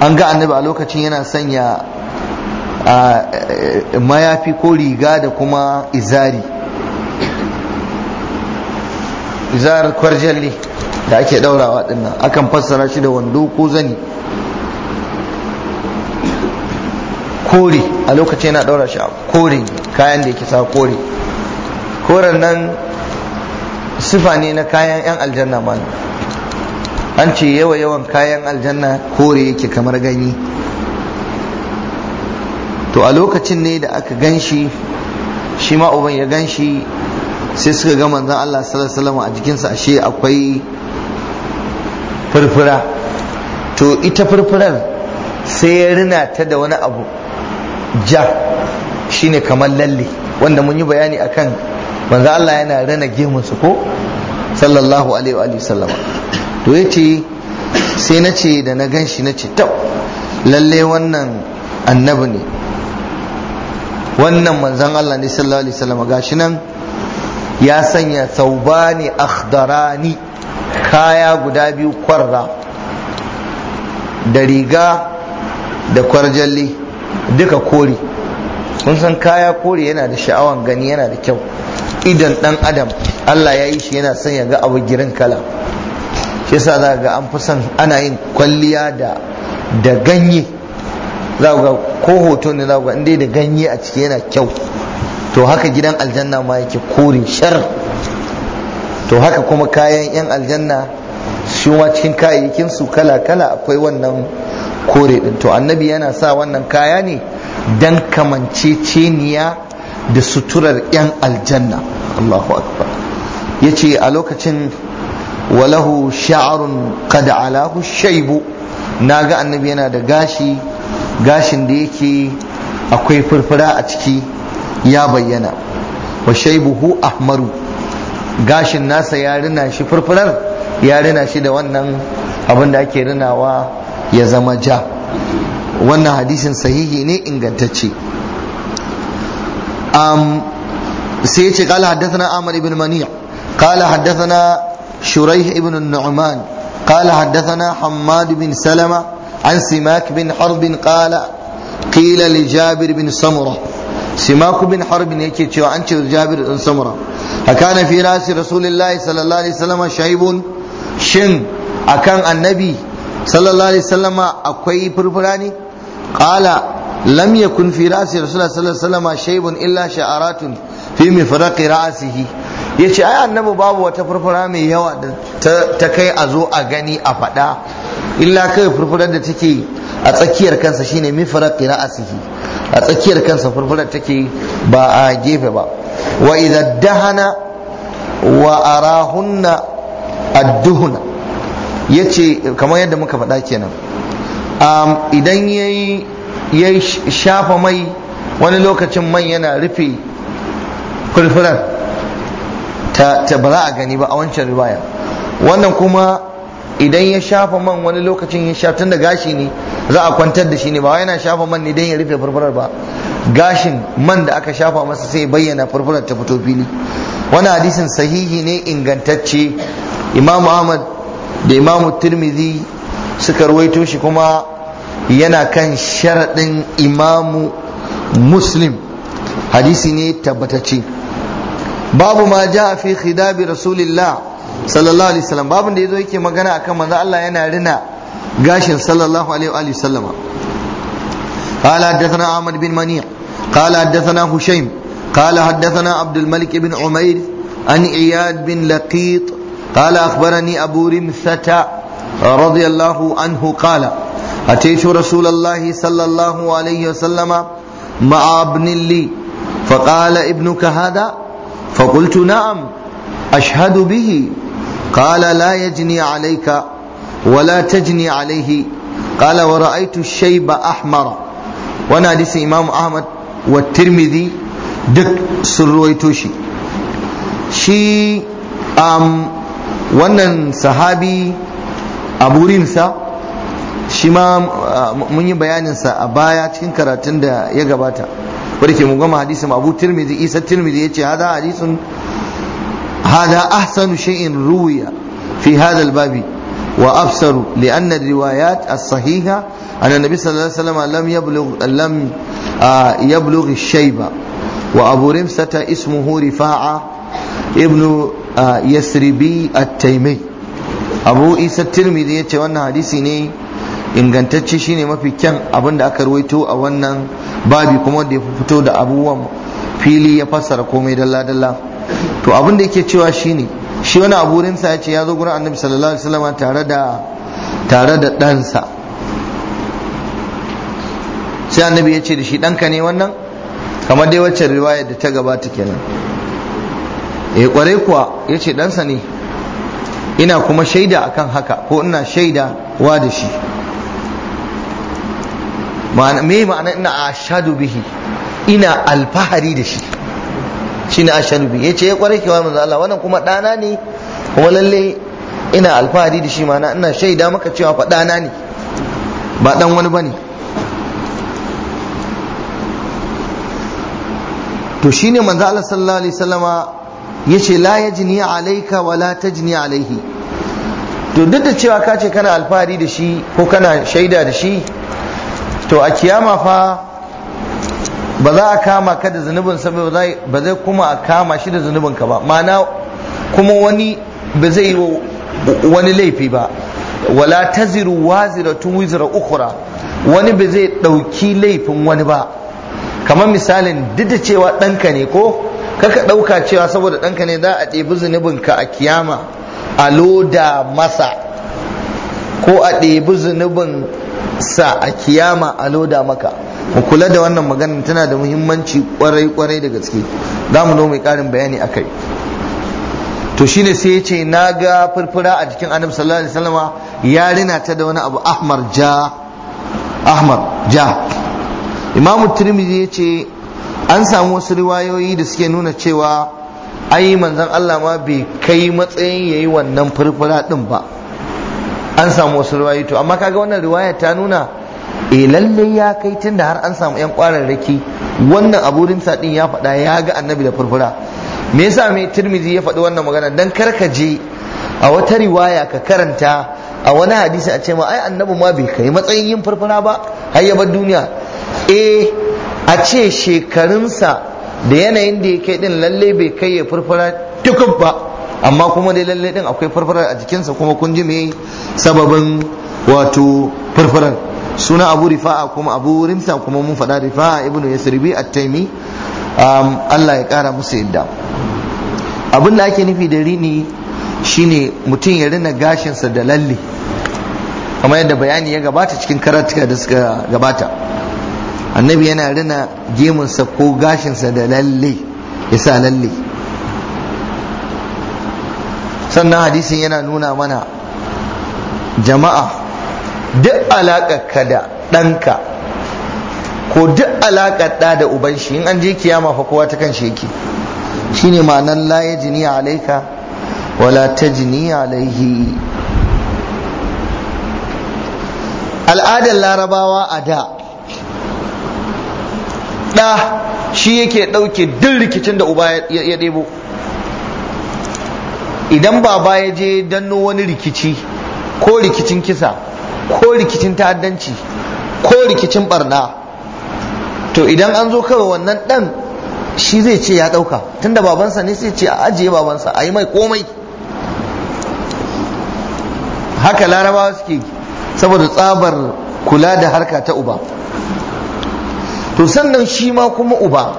an ga annabi a lokacin yana sanya mayafi ko riga da kuma izari izarar kwarjalli da ake daurawa dinnan akan fassara shi da wando ko zani kore a lokacin yana daura shi a kore kayan da yake sa kore koren nan sifa ne na kayan 'yan aljanna ma an ce yawa yawan kayan aljanna kore yake kamar gani to a lokacin ne da aka gan shi shi uban ya gan shi sai suka ga manzon Allah sallallahu a jikinsa ashe akwai furfura to ita furfurar sai ya rina ta da wani abu ja shine kamar lalle wanda mun yi bayani akan manzo Allah yana rana gemun su ko sallallahu alaihi wa sallama to yace sai na ce da na gan shi na ce tab lalle wannan annabi ne wannan manzon Allah ne sallallahu alaihi wasallama gashi nan ya sanya saubani akhdarani kaya guda biyu kwarra da riga da kwarjalli duka kori, kun san kaya kori yana da sha'awan gani yana da kyau idan dan adam Allah ya yi shi yana son ya ga abu girin kala shi yasa za ga an fi son ana yin kwalliya da da ganye za ga ko hoto ne za ga inda da ganye a ciki yana kyau to haka gidan aljanna ma yake kori shar to haka kuma kayan yan aljanna shi ma cikin kayayyakin su kala kala akwai wannan kore din to annabi yana sa wannan kaya ne dan kamanceceniya da suturar 'yan aljanna Allahu akbar ya a lokacin walahu sha'arun kada alahu shaibu naga annabi yana da gashi gashin da yake akwai furfura a ciki ya bayyana wa shaybuhu ahmaru gashin nasa ya rina shi furfurar ya rina shi da wannan abin da ake rinawa ya zama ja wannan hadisin sahihi ne ingantacce um, sai ya ce kala haddathana amr ibn mani' kala na shuraih ibn nu'man kala na Hamad bin salama an simak bin harb kala qila li jabir bin samura Simak bin harbin yake cewa an ce jabir din samura hakana fi rasi rasulullahi sallallahu alaihi wasallam shaybun shin akan annabi sallallahu alaihi wasallama akwai furfura ne Ƙala lam yakun fi ra'si rasulullah sallallahu alaihi wasallama illa sha'aratun fi mifraqi ra'sihi yace ai annabi babu wata furfura mai yawa da ta kai a zo a gani a faɗa illa kai furfurar da take a tsakiyar kansa shine mifraqi ra'sihi a tsakiyar kansa furfurar take ba a gefe ba wa idan dahana wa arahunna adduhuna ya ce kamar yadda muka faɗa kenan idan ya shafa mai wani lokacin man yana rufe furfuran ta ba za a gani ba a wancan riwaya wannan kuma idan ya shafa man wani lokacin ya shafa tun da gashi ne za a kwantar da shi ne ba yana shafa man ne don ya rufe furfurar ba gashin man da aka shafa masa sai bayyana furfurar ta fito fili wani hadisin sahihi ne ingantacce imam ahmad da imamu tirmidhi suka ruwaito shi kuma yana kan sharaɗin imamu muslim hadisi ne tabbatacce babu ma ja fi khidabi rasulillah sallallahu alaihi wasallam Babu da yazo yake magana akan manzo Allah yana rina gashin sallallahu alaihi wa sallam قال حدثنا عمر بن منيع قال حدثنا هشيم قال حدثنا عبد الملك بن عمير عن اياد بن لقيط قال أخبرني أبو رمثة رضي الله عنه قال أتيت رسول الله صلى الله عليه وسلم مع ابن لي فقال ابنك هذا فقلت نعم أشهد به قال لا يجني عليك ولا تجني عليه قال ورأيت الشيب أحمر وانا حديث إمام أحمد والترمذي دك سرويتوشي شي أم wannan sahabi a burinsa shi ma mun yi bayaninsa a baya cikin karatun da ya gabata barke mu gama hadisin abu tirmidhi isa tirmidhi yace hada hadisun hada ahsanu shay'in ruwiya fi hada albabi wa afsaru li'anna riwayat a sahiha anna nabi sallallahu alaihi wasallam lam yablugh lam yablugh ash-shayba wa abu rimsata ismuhu rifa'a ibnu yasribi at taymi abu isa tirmidhi ya ce wannan hadisi ne ingantacce shine mafi kyan abin da aka ruwaito a wannan babi kuma da ya fito da abubuwan fili ya fassara komai dalla dalla to abin da yake cewa shine shi wani aburin sa ya ce ya zo gurin annabi sallallahu alaihi wasallam tare da tare da sa sai annabi ya ce da shi ɗanka ne wannan kamar dai wacce riwayar da ta gabata kenan Ya eh, kware kuwa yace ɗansa ne ina kuma shaida akan haka ko ina shaida wa da shi ma'ana me ma'ana ina ashadu bihi ina alfahari da shi a ashadu bihi ce eh, ya kware kiwa manzo Allah wannan kuma ɗana ne kuma lalle ina alfahari da shi ma'ana ina shaida maka cewa fa ɗana ne ba ɗan wani ba ne. to shi manzo Allah sallallahu alaihi wasallama yace la yajni alayka wa la tajni alayhi to duk da cewa ka ce kana alfahari da shi ko kana shaida da shi to a kiyama fa ba za a kama ka da zunubin sa ba zai kuma a kama shi da zunubin ka ba mana kuma wani ba zai yi wani laifi ba wala taziru waziratun wizra ukhra wani ba zai dauki laifin wani ba kamar misalin duk da cewa ɗanka ne ko kaka ɗauka cewa saboda ɗanka ne za a ɗebi zunubinka a kiyama a loda masa ko a ɗebi zunubin sa a kiyama a loda maka mu kula da wannan magana tana da muhimmanci kwarai kwarai da gaske za mu zo mai ƙarin bayani akai to shine sai ya ce na ga furfura a jikin annabi sallallahu alaihi wasallama ya rina ta da wani abu ahmar ja ahmar ja imamu tirmidhi ya ce an samu wasu riwayoyi da suke nuna cewa ai manzon Allah ma bai kai matsayin yayi wannan furfura din ba an samu wasu riwayoyi to amma kaga wannan riwaya ta nuna E, lalle ya kai tunda har an samu yan kwararraki wannan aburin sa din ya faɗa ya ga annabi da furfura me yasa mai Tirmidhi ya faɗi wannan magana dan je a wata riwaya ka karanta a wani hadisi a ce ma ai annabi ma bai kai matsayin yin furfura ba har ya bar duniya eh a ce shekarunsa da yanayin da ya kai din lalle bai kai ya furfura tukub ba amma kuma dai lalle din akwai furfura a jikinsa kuma kun ji me sababin wato furfuran suna abu rifa'a kuma abu rimsa kuma mun faɗa rifa'a ibnu yasribi at-taimi um, Allah ya ƙara musu yadda abin da ake nufi da rini shine mutum ya rina gashinsa da lalle kamar yadda bayani ya gabata cikin karatuka da suka gabata annabi yana rina gemunsa ko gashinsa da lalle ya sa lalle sannan hadisin yana nuna mana jama'a duk ka da ɗanka ko duk alaƙa ɗa da uban shi in an je kiyama fa kowa ta kan sheki shine ma'anar la yajni alaika wala ta tajni alaihi al'adar larabawa a da ɗa shi yake ɗauke duk rikicin da uba ya ɗebo idan baba ya je danno wani rikici ko rikicin kisa ko rikicin ta'addanci ko rikicin barna to idan an zo kawai wannan ɗan shi zai ce ya ɗauka tunda babansa ne sai ce a ajiye babansa a yi mai komai haka larabawa suke saboda tsabar kula da harka ta uba to sannan shi ma kuma uba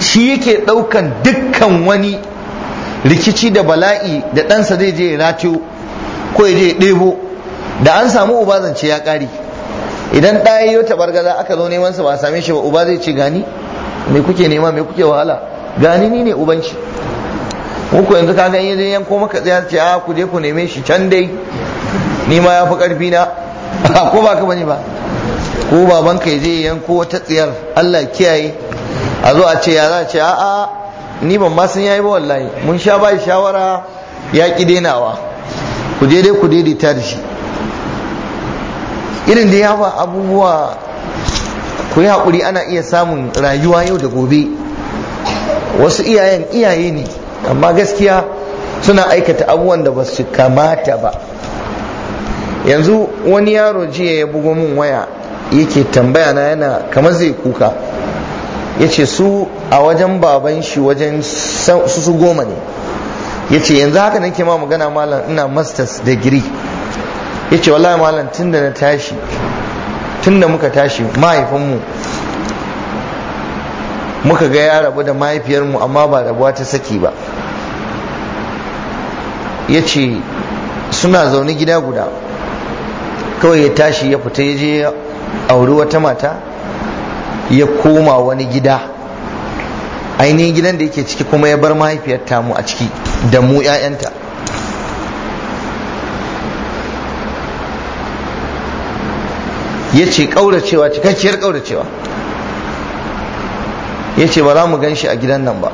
shi yake ɗaukan dukkan wani rikici da bala'i da ɗansa zai je ya ratiyo ko ya je ya ɗebo da an samu uba zance ya ƙare idan ɗaya ya taɓar gaza aka zo neman sa ba same shi ba uba zai ce gani me kuke nema me kuke wahala gani ni ne uban shi muku yanzu ka in zai yanko maka tsaya ce a ah, ku je ku neme shi can dai ni ma ya fi ƙarfi na [LAUGHS] ko ba ka bane ba ko babanka ya je yanko wata tsiyar Allah kiyaye a zo a ce ya za ce a'a ni ban ma sun yayi ba wallahi mun sha bai shawara ya ki denawa ku je dai ku daidaita da shi irin da yawa abubuwa ku yi haƙuri ana iya samun rayuwa yau da gobe wasu iyayen iyaye ne amma gaskiya suna aikata abubuwan da ba su kamata ba yanzu wani yaro jiya ya bugo mun waya yake tambaya na yana kamar zai kuka ya ce su a wajen baban shi wajen su su goma ne ya ce yanzu haka nake ma magana malam ina masters degree ya ce wallahi malam tun da na tashi tun da muka tashi mahaifinmu muka ga ya rabu da mahaifiyarmu amma ba rabuwa ta saki ba ya ce suna zaune gida guda kawai ya tashi ya fita ya je auri wata mata ya koma wani gida ainihin gidan da yake ciki kuma ya bar mahaifiyar tamu a ciki da mu 'ya'yanta ya ce ƙauracewa cikakkiyar ƙauracewa ya ce ba za mu gan shi a gidan nan ba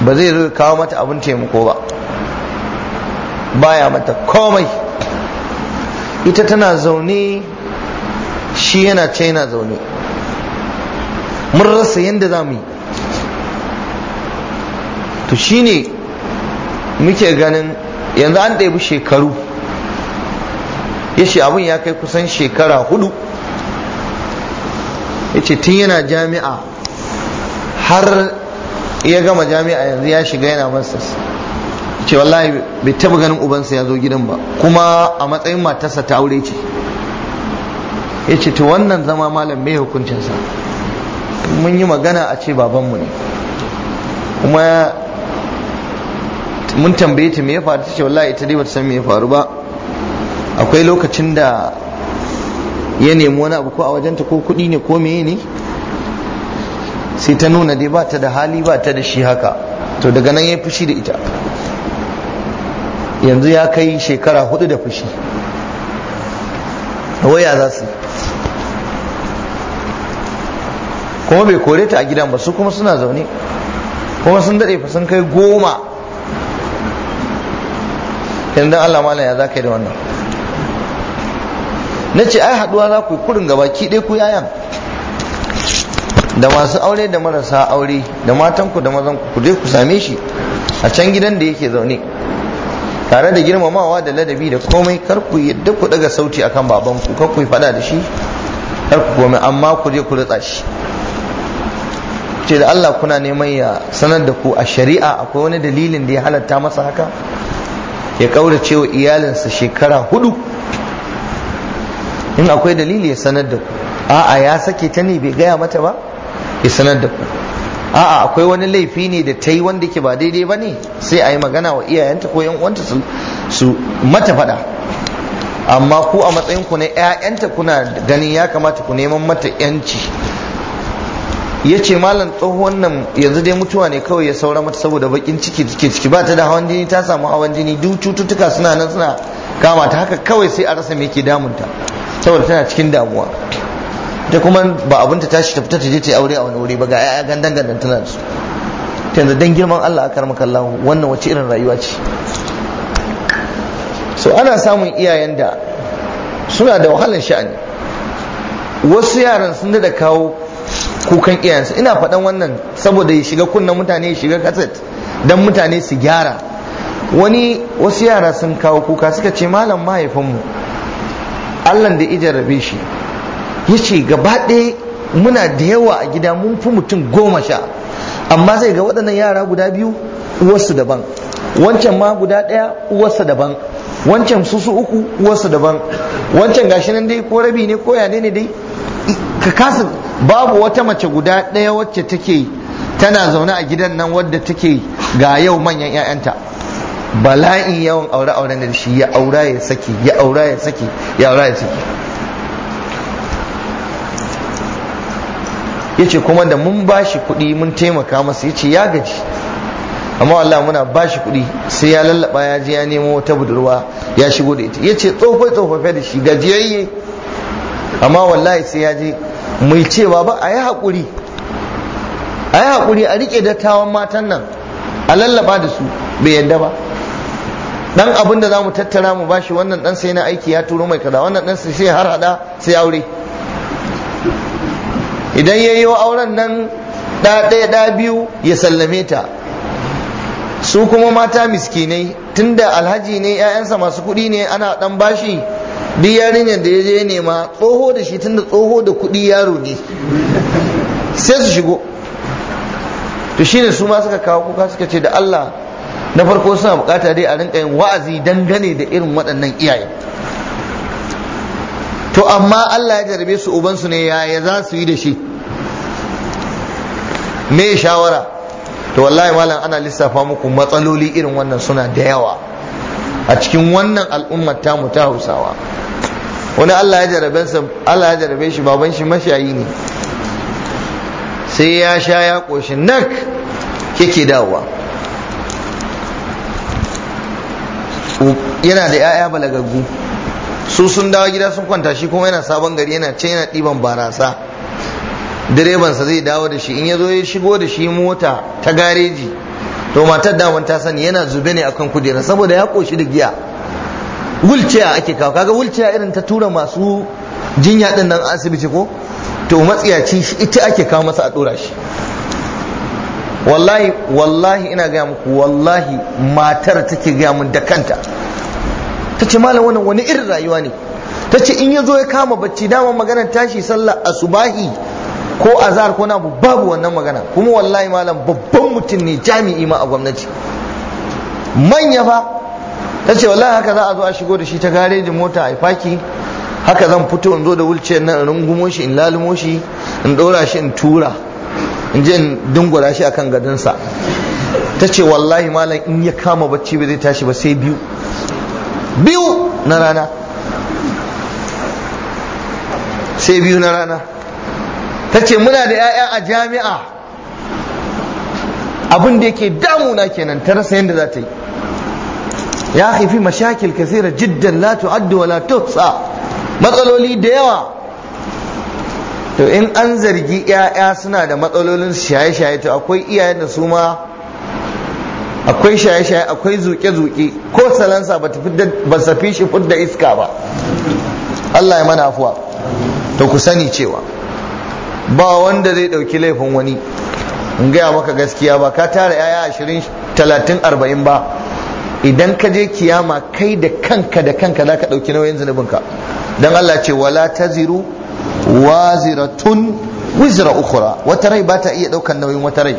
ba zai kawo mata abin taimako ba baya mata komai ita tana zaune shi yana ce yana zaune mun rasa yadda za mu yi to shi ne muke ganin yanzu an ɗebi shekaru ya shi abin ya kai kusan shekara hudu ya ce tun yana jami'a har ya gama jami'a yanzu ya shiga yana masarsa ce wallahi bai taba ganin ubansa ya zo gidan ba kuma a matsayin matarsa ta aure ce ya ce to wannan zama malam mai hukuncinsa mun yi magana a ce babanmu ne kuma mun tambaye ta me ya faru ta ce wallahi ita dai bata san me ya faru ba akwai lokacin da ya nemi wani abu ko a wajen ta ko kuɗi ne ko meye ne sai ta nuna dai ba ta da hali ba ta da shi haka to daga nan ya fushi da ita yanzu ya kai shekara hudu da fushi waya za su kuma bai kore ta a gidan ba su kuma suna zaune kuma sun daɗe fa sun kai goma yanzu Allah malam ya za ka yi da wannan na ce ai haɗuwa za ku yi kurin gaba ki ku yayan da masu aure da marasa aure da matanku da mazanku ku je ku same shi a can gidan da yake zaune tare da girmamawa da ladabi da komai kar ku yadda ku daga sauti akan baban ku kar ku yi fada da shi kar ku komai amma ku je ku ritsa shi ce da Allah kuna neman ya sanar da ku a shari'a akwai wani dalilin da ya halatta masa haka ya kaura cewa iyalinsa shekara hudu in akwai dalili ya sanar da ku a'a ya sake ta ne bai gaya mata ba ya sanar da ku a'a akwai wani laifi ne da ta yi wanda ke ba daidai ba ne sai a yi magana wa iyayenta ko yan su mata faɗa amma ku a matsayinku na 'ya'yanta kuna ganin ya kamata ku neman mata 'yanci ya ce malam tsohon nan yanzu dai mutuwa ne kawai ya saura mata saboda bakin ciki ke ciki ba ta da hawan jini ta samu hawan jini duk cututtuka suna nan suna kama ta haka kawai sai a rasa me ke damunta saboda tana cikin damuwa ta kuma ba abin ta tashi ta fita ta je ta aure a wani wuri ba ga ya gandan gandan tana da su yanzu dan girman Allah a karmar Allah wannan wace irin rayuwa ce so ana samun iyayen da suna da wahalar sha'ani wasu yaran sun da kawo kukan iyayensu ina faɗan wannan saboda ya shiga kunnen mutane ya shiga kaset don mutane su gyara wani wasu yara sun kawo kuka suka ce malam mahaifinmu Allah da rabe shi ya ce gaba ɗaya muna da yawa a gida mun fi mutum goma sha amma zai ga waɗannan yara guda biyu uwarsu daban wancan ma guda ɗaya uwarsa daban wancan susu su uku uwarsu daban wancan gashi nan dai ko rabi ne ko yane ne dai ka kasa babu wata mace guda ɗaya wacce take tana zaune a gidan nan wadda take ga yau manyan 'ya'yanta bala'in yawan aure-auren da shi ya aura ya saki ya aura ya saki ya aura ya saki yace kuma da mun ba shi kuɗi mun taimaka masa ce ya gaji amma Allah muna bashi kuɗi sai ya lallaba ya je ya nemo wata budurwa ya shigo da ita ce tsofai tsofaffe da shi gajiyayye amma wallahi sai ya je mai cewa ba a yi haƙuri a yi haƙuri a riƙe dattawan matan nan a lallaba da su bai yadda ba dan abin da za mu tattara mu bashi wannan dan sai na aiki ya turo mai kaza wannan dan sai har hada sai aure idan ya yi auren nan ɗa ɗaya ɗa biyu ya sallame ta su kuma mata miskinai tunda alhaji ne 'ya'yansa masu kuɗi ne ana ɗan bashi duk yarinyar da ya je nema tsoho da shi tunda tsoho da kuɗi yaro ne sai su shigo to shine su ma suka kawo kuka suka ce da Allah na farko suna bukata dai a rinka yin wa'azi dangane da irin waɗannan iyayen to amma Allah ya jarabe su ubansu ne ya za su yi da shi me shawara to wallahi malam ana lissafa muku matsaloli irin wannan suna da yawa a cikin wannan al'ummar tamu ta hausawa wani Allah ya jarabe Allah ya jarabe shi baban shi mashayi ne sai ya sha ya koshi nak kike dawowa yana da 'ya'ya balagaggu su sun dawo gida sun kwanta shi kuma yana sabon gari yana can yana ɗiban barasa direbansa zai dawo da shi in ya zo ya shigo da shi mota ta gareji to matar daman ta sani yana zube ne akan kujera saboda ya koshi da giya wulciya ake kawo kaga wulciya irin ta tura masu jinya din nan asibiti ko to matsiyaci shi ita ake kawo masa a dora shi wallahi wallahi ina gaya muku wallahi matar take gaya mun da kanta ta ce malam wannan wani irin rayuwa ne ta ce in ya zo ya kama bacci dama magana tashi sallah asubahi ko azar ko na babu wannan magana kuma wallahi malam babban mutum ne jami'i ma a gwamnati manya fa ta ce wallahi haka za a zo a shigo da shi ta garejin mota a faki haka zan fito in zo da wulce nan in rungumo shi in lalumo shi in ɗora shi in tura in je in dungura shi akan gadinsa ta ce wallahi malam in ya kama bacci ba zai tashi ba sai biyu biyu na rana sai biyu na rana ta ce muna da 'ya'ya a jami'a abin da yake damuna kenan ta rasa yadda za ta yi ya haifi mashakil kasira jiddan la tu'addu wa la matsaloli da yawa to in an zargi 'ya'ya suna da matsalolin shaye-shaye to akwai iyayen da su ma akwai shaye-shaye akwai zuke-zuke ko salansa ba su fi shi fudda iska ba Allah ya mana afuwa to ku sani cewa ba wanda zai ɗauki laifin wani in gaya maka gaskiya ba ka tara yaya ashirin talatin arba'in ba idan ka je kiyama kai da kanka da kanka za ka ɗauki nauyin ka. don Allah ce wala taziru waziratun wizra ukhra wata rai ba ta iya ɗaukan nauyin wata rai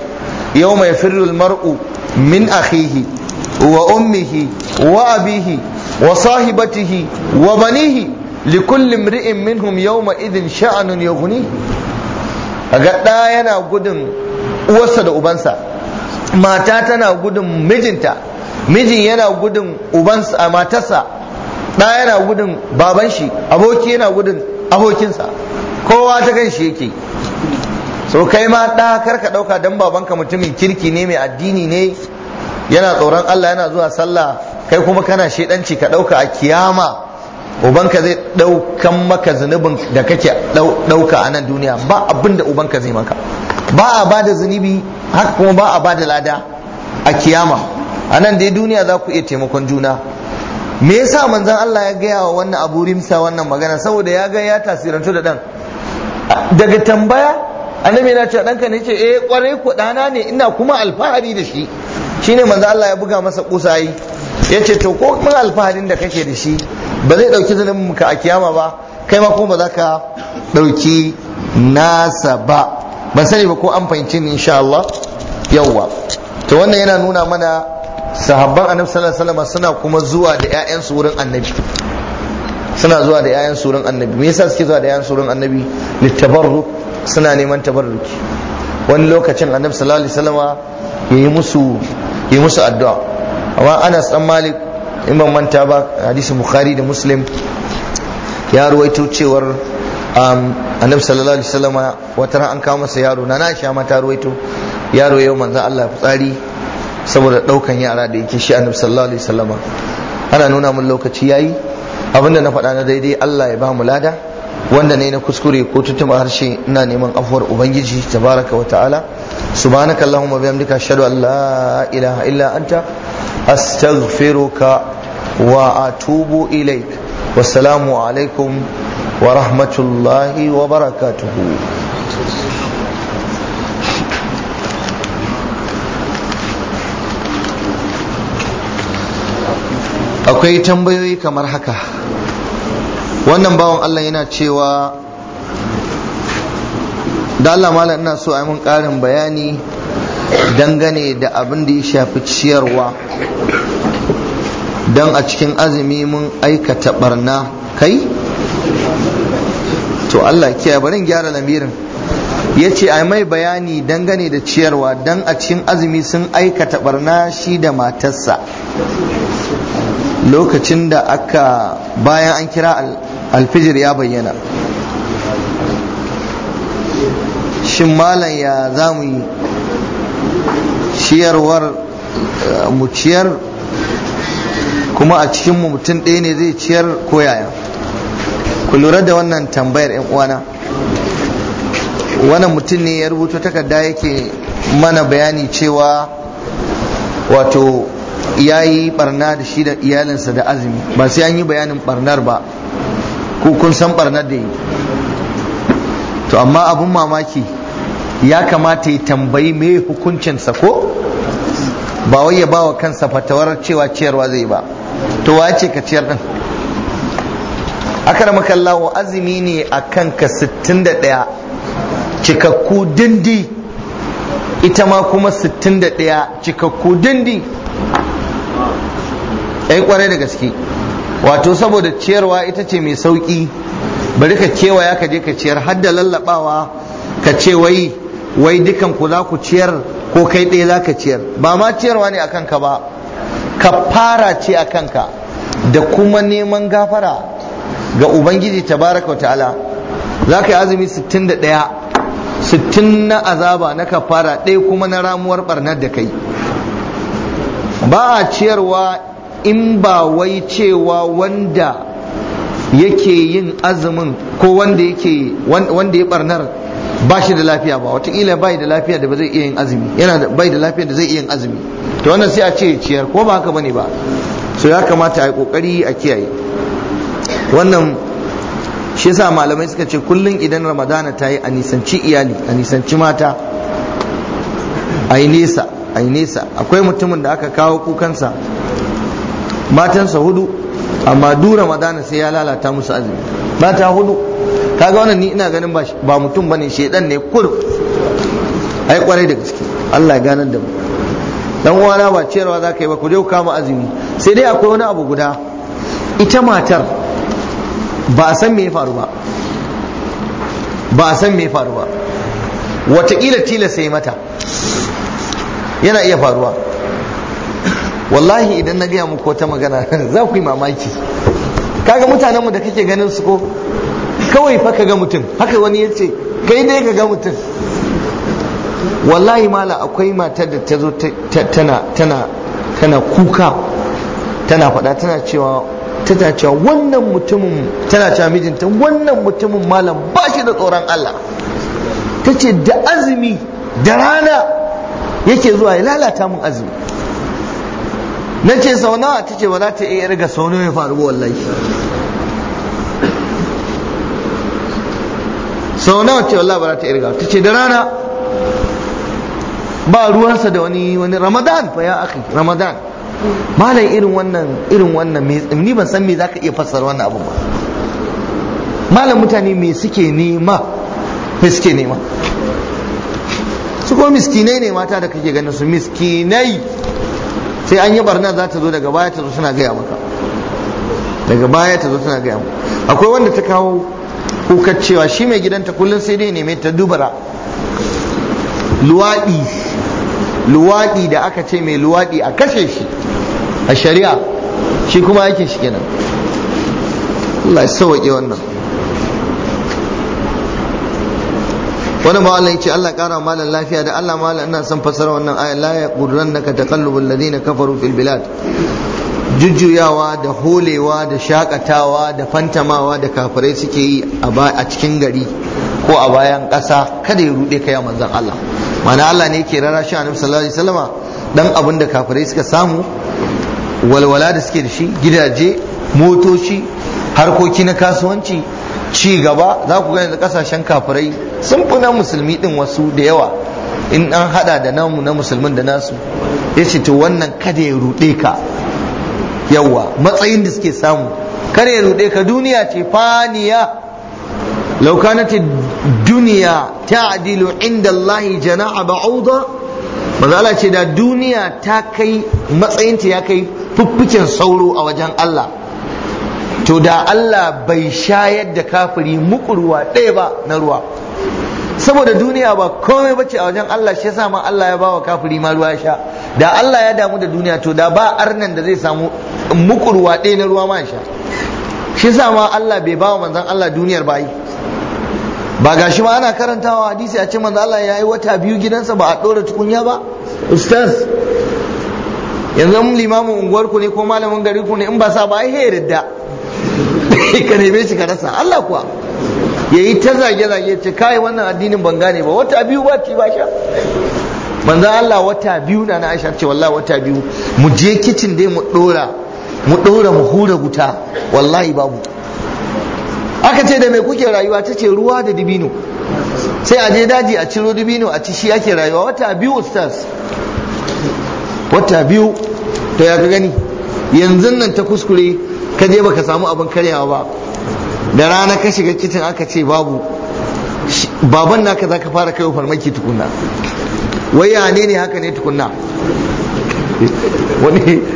yau mai firul mar'u min akhihi wa ummihi wa abihi wa sahibatihi wa banihi likulli imri'in minhum yawma idhin sha'anun yughni ga ɗa yana gudun uwarsa da ubansa mata tana gudun mijinta mijin yana gudun ubansa a matarsa ɗa yana gudun baban shi aboki yana gudun abokinsa kowa ta kan shi yake so kai ma ɗa kar ka ɗauka dan babanka mutumin kirki ne mai addini ne yana tsoron Allah yana zuwa sallah kai kuma kana shedanci ka ɗauka a kiyama ubanka zai ɗaukan maka zunubin da kake ɗauka a nan duniya ba abin da ubanka zai maka ba a ba da zunubi haka kuma ba a ba da lada a kiyama a nan dai duniya za ku iya taimakon juna me yasa manzon Allah ya gaya wa wannan abu rimsa wannan magana saboda ya ga ya tasirantu da ɗan daga tambaya annabi yana ce ɗanka ne ce eh kwarai ku ɗana ne ina kuma alfahari da shi shine manzo Allah ya buga masa kusayi yace to ko kuma alfaharin da kake da shi ba zai ɗauki zalimin ka a kiyama ba kai ma kuma ba za ka ɗauki nasa ba ban sani ba ko an fahimci ni insha Allah yawwa to wannan yana nuna mana sahabban annabi sallallahu alaihi wasallam suna kuma zuwa da su wurin annabi suna zuwa da su wurin annabi me yasa suke zuwa da ƴaƴansu wurin annabi litabarruk suna neman tabarruki wani lokacin annabi sallallahu alaihi wasallama yi musu yi musu addu'a amma Anas dan Malik in ban manta ba hadisi Bukhari da Muslim ya ruwaito cewar um, annabi sallallahu alaihi wasallama wata ran an kawo masa yaro na na sha mata ruwaito yaro yau manzo Allah fitsari saboda daukan yara da yake shi annabi sallallahu alaihi wasallama ana nuna mun lokaci yayi abinda na faɗa na daidai Allah ya ba mu lada wanda ne na kuskure ko tutuma harshe ina neman afuwar ubangiji tabaraka wa ta'ala subhanaka allahumma bihamdika ashhadu an la ilaha illa anta astaghfiruka wa atubu ilaik wassalamu alaikum wa rahmatullahi wa barakatuhu akwai tambayoyi kamar haka wannan bawan Allah yana cewa da Allah malam ina so a yi mun karin bayani dangane da abin da ya shafi ciyarwa don a cikin azumi mun aikata barna kai to Allah kiyaye barin gyara lamirin ya ce a mai bayani dangane da ciyarwa don a cikin azumi sun aikata barna shi da matarsa lokacin da aka bayan an kira alfijir ya bayyana shin malam ya za mu yi ciyarwar eh, mu ciyar kuma a cikinmu mutum ɗaya ne zai ciyar ko ku lura da wannan tambayar 'yan uwana wannan mutum ne ya rubuta takarda yake mana bayani cewa wato ya yi barna da shi da iyalinsa da azumi ba sai an yi bayanin barnar ba ko kun san barnar da yi to amma abun mamaki ya kamata ya tambayi mai hukuncinsa ko ba wai ya bawa kansa fatawar cewa ciyarwa zai ba to wa ce ka ciyar din akarama kallawo azumi ne a kanka 61 cikakku dindi ita ma kuma 61 cikakku dindi yi eh, kwarai da gaske wato saboda ciyarwa ita ce mai sauki bari ka kewaya ka je ka ciyar har da lallabawa ka ce wai wai dukan ku za ku ciyar ko kai ɗaya za ka ciyar ba ma ciyarwa ne a kanka ba ka fara ce a kanka da kuma neman gafara ga ubangiji tabaraka wa ta'ala za ka yi azumi 61 sittin na azaba na kafara ɗaya kuma na ramuwar barnar da kai ba a ciyarwa in ba wai cewa wanda yake yin azumin ko wanda yake wanda ya barnar ba shi da lafiya ba wataƙila bai da lafiya da ba zai iya yin azumi yana da bai da lafiya da zai iya yin azumi to wannan sai a ce ciyar ko ba haka bane ba so ya kamata a yi kokari a kiyaye wannan shi yasa malamai suka ce kullum idan ramadana ta yi a nisanci iyali a nisanci mata a yi nesa a yi nesa akwai mutumin da aka kawo kukansa matansa hudu amma dura madana sai ya lalata musu azumi mata hudu kaga wannan ni ina ganin ba mutum bane shedan ne kur ai kwarai da gaske Allah ya ganar da mu dan uwana ba cewa za ka yi ba ku je ku azumi sai dai akwai wani abu guda ita matar ba a san me ya faru ba ba a san me ya faru ba wataƙila tilasta yi mata yana iya faruwa wallahi idan na gaya muku wata magana [LAUGHS] za ku yi mamaki kaga mu da kake ganin su ko kawai fa ka ga mutum haka wani ya ce kai dai ka ga mutum wallahi mala akwai matar da ta zo tana kuka tana faɗa tana cewa tana cewa wannan mutumin tana cewa mijinta wannan mutumin malam ba shi da tsoron Allah ta ce da azumi da rana yake zuwa ya lalata mun azumi na ce sau nawa ta ce ba za ta iya riga sau nawa ya faru wallahi sau nawa ce wallahi ba za ta iya riga ta ce da rana ba ruwansa da wani wani ramadan fa ya akhi ramadan malam irin wannan irin wannan ni ban san me zaka iya fassara wannan abun ba malam mutane me suke nema me suke nema su kuma miskinai ne mata da kake ganin su miskinai sai an yi barna za ta zo daga baya ta zo suna gaya maka daga baya ta zo suna gaya maka akwai wanda ta kawo kukar cewa shi mai gidanta kullum sai dai neme ta dubara luwaɗi luwaɗi da aka ce mai luwaɗi a kashe shi a shari'a shi kuma aikin shi kenan Allah ya sauwaƙe wannan wani malam Allah yace Allah kara lafiya da Allah malan ina son fasara wannan aya la yaqurrannaka taqallubul ladina kafaru fil bilad jujjuyawa da holewa da shakatawa da fantamawa da kafirai suke yi a cikin gari ko a bayan ƙasa kada ya rude kai manzon Allah mana Allah ne yake rara shi annabi sallallahu alaihi dan abin da kafirai suka samu walwala da suke da shi gidaje motoci harkoki na kasuwanci ci gaba za ku gani da kasashen kafirai sun fi na musulmi din wasu da yawa in an hada da namu na musulmin da nasu ya ce to wannan kada ya ruɗe ka yawa matsayin da suke samu kada ya ruɗe ka duniya ce faniya lau duniya duniya adilu inda Allah jana'a ba'uda manzo ce da duniya ta kai matsayinta ya kai fuffuken sauro a wajen Allah to da Allah bai shayar da kafiri mukurwa ɗaya ba na ruwa saboda duniya ba komai bace a wajen Allah shi yasa ma Allah ya bawa kafiri ma ruwa sha da Allah ya damu da duniya to da ba arnan da zai samu mukurwa ɗaya na ruwa ma sha shi yasa ma Allah bai bawa manzon Allah duniyar ba yi ba gashi ma ana karantawa hadisi a ce manzon Allah ya yi wata biyu gidansa ba a ɗora tukunya ba ustaz yanzu limamin unguwarku ne ko malamin ku ne in ba sa ba ai yarda [LAUGHS] ka neme shi ka rasa Allah kuwa ya yi ta zage-zage ce kai wannan addinin ban gane ba wata biyu ba ci ba sha manzan Allah wata biyu na na Aisha ce wallahi wata biyu mu je kicin dai mu dora mu dora mu hura guta, wallahi babu aka ce da mai kuke rayuwa ta ce ruwa da dibino sai a je daji a ciro dibino a ci shi ake rayuwa wata biyu ustaz wata biyu to ya gani yanzu nan ta kuskure ka je baka samu abin karyawa ba da rana ka shiga kicin aka ce babu baban naka zaka fara kai farmaki tukunna wai ya ne ne haka ne tukunna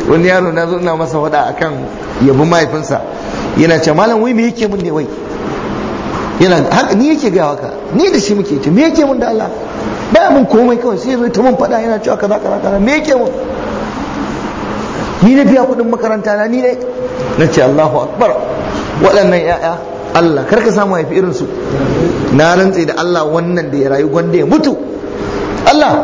wani yaro na zo ina masa wada akan yabin mahaifinsa yana ce malam wai me yake mun ne wai yana haka ni yake gaya haka ni da shi muke ce me yake mun da Allah baya mun komai kawai sai zai ta mun faɗa yana cewa kaza kaza kaza me yake mun ni na biya kuɗin makaranta na ni ne na ce Allahu akbar waɗannan ya'ya Allah kar ka samu haifi irinsu na rantse da Allah wannan da ya rayu gwanda ya mutu Allah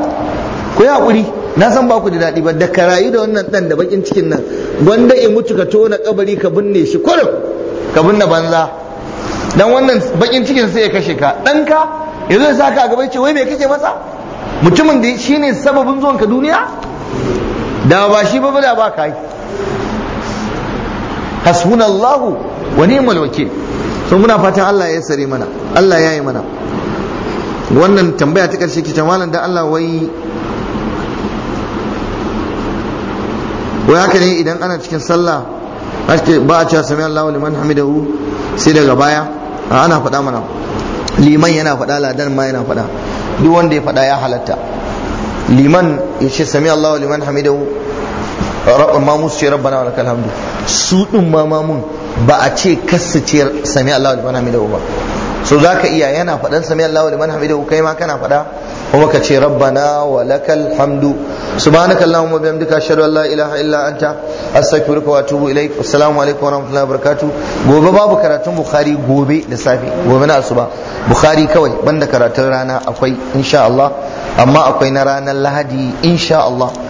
ku yi hakuri na san ba ku da daɗi ba da ka rayu da wannan ɗan da bakin cikin nan gwanda ya mutu ka tona kabari ka binne shi kurum ka binne banza dan wannan bakin cikin sai ya kashe ka ɗanka ya zo ya saka a gaba ya ce wai me kake masa mutumin da ne sababin zuwan ka duniya da ba shi ba da ba kai hasbunallahu wa ni'mal wakil so muna fatan Allah ya sare mana Allah ya yi mana wannan tambaya ta karshe ke malam da Allah wai wai haka ne idan ana cikin sallah ba a cewa sami Allahu liman hamidahu sai daga baya ana faɗa mana liman yana faɗa ladan ma yana faɗa duk wanda ya faɗa ya halatta liman ya ce sami Allah wa liman hamidahu mamu su ce rabbana wa lakal hamdu su din ma mamun ba a ce kasu ce sami Allah wa liman hamidahu ba so zaka iya yana faɗan sami Allahu liman hamidahu kai ma kana faɗa kuma ka ce rabbana wa lakal hamdu subhanaka allahumma bihamdika ashhadu an la ilaha illa anta astaghfiruka wa atubu ilaik assalamu alaikum wa rahmatullahi wa barakatuh gobe babu karatun bukhari gobe da safe gobe na asuba bukhari kawai banda karatun rana akwai insha Allah amma akwai na ranar lahadi insha Allah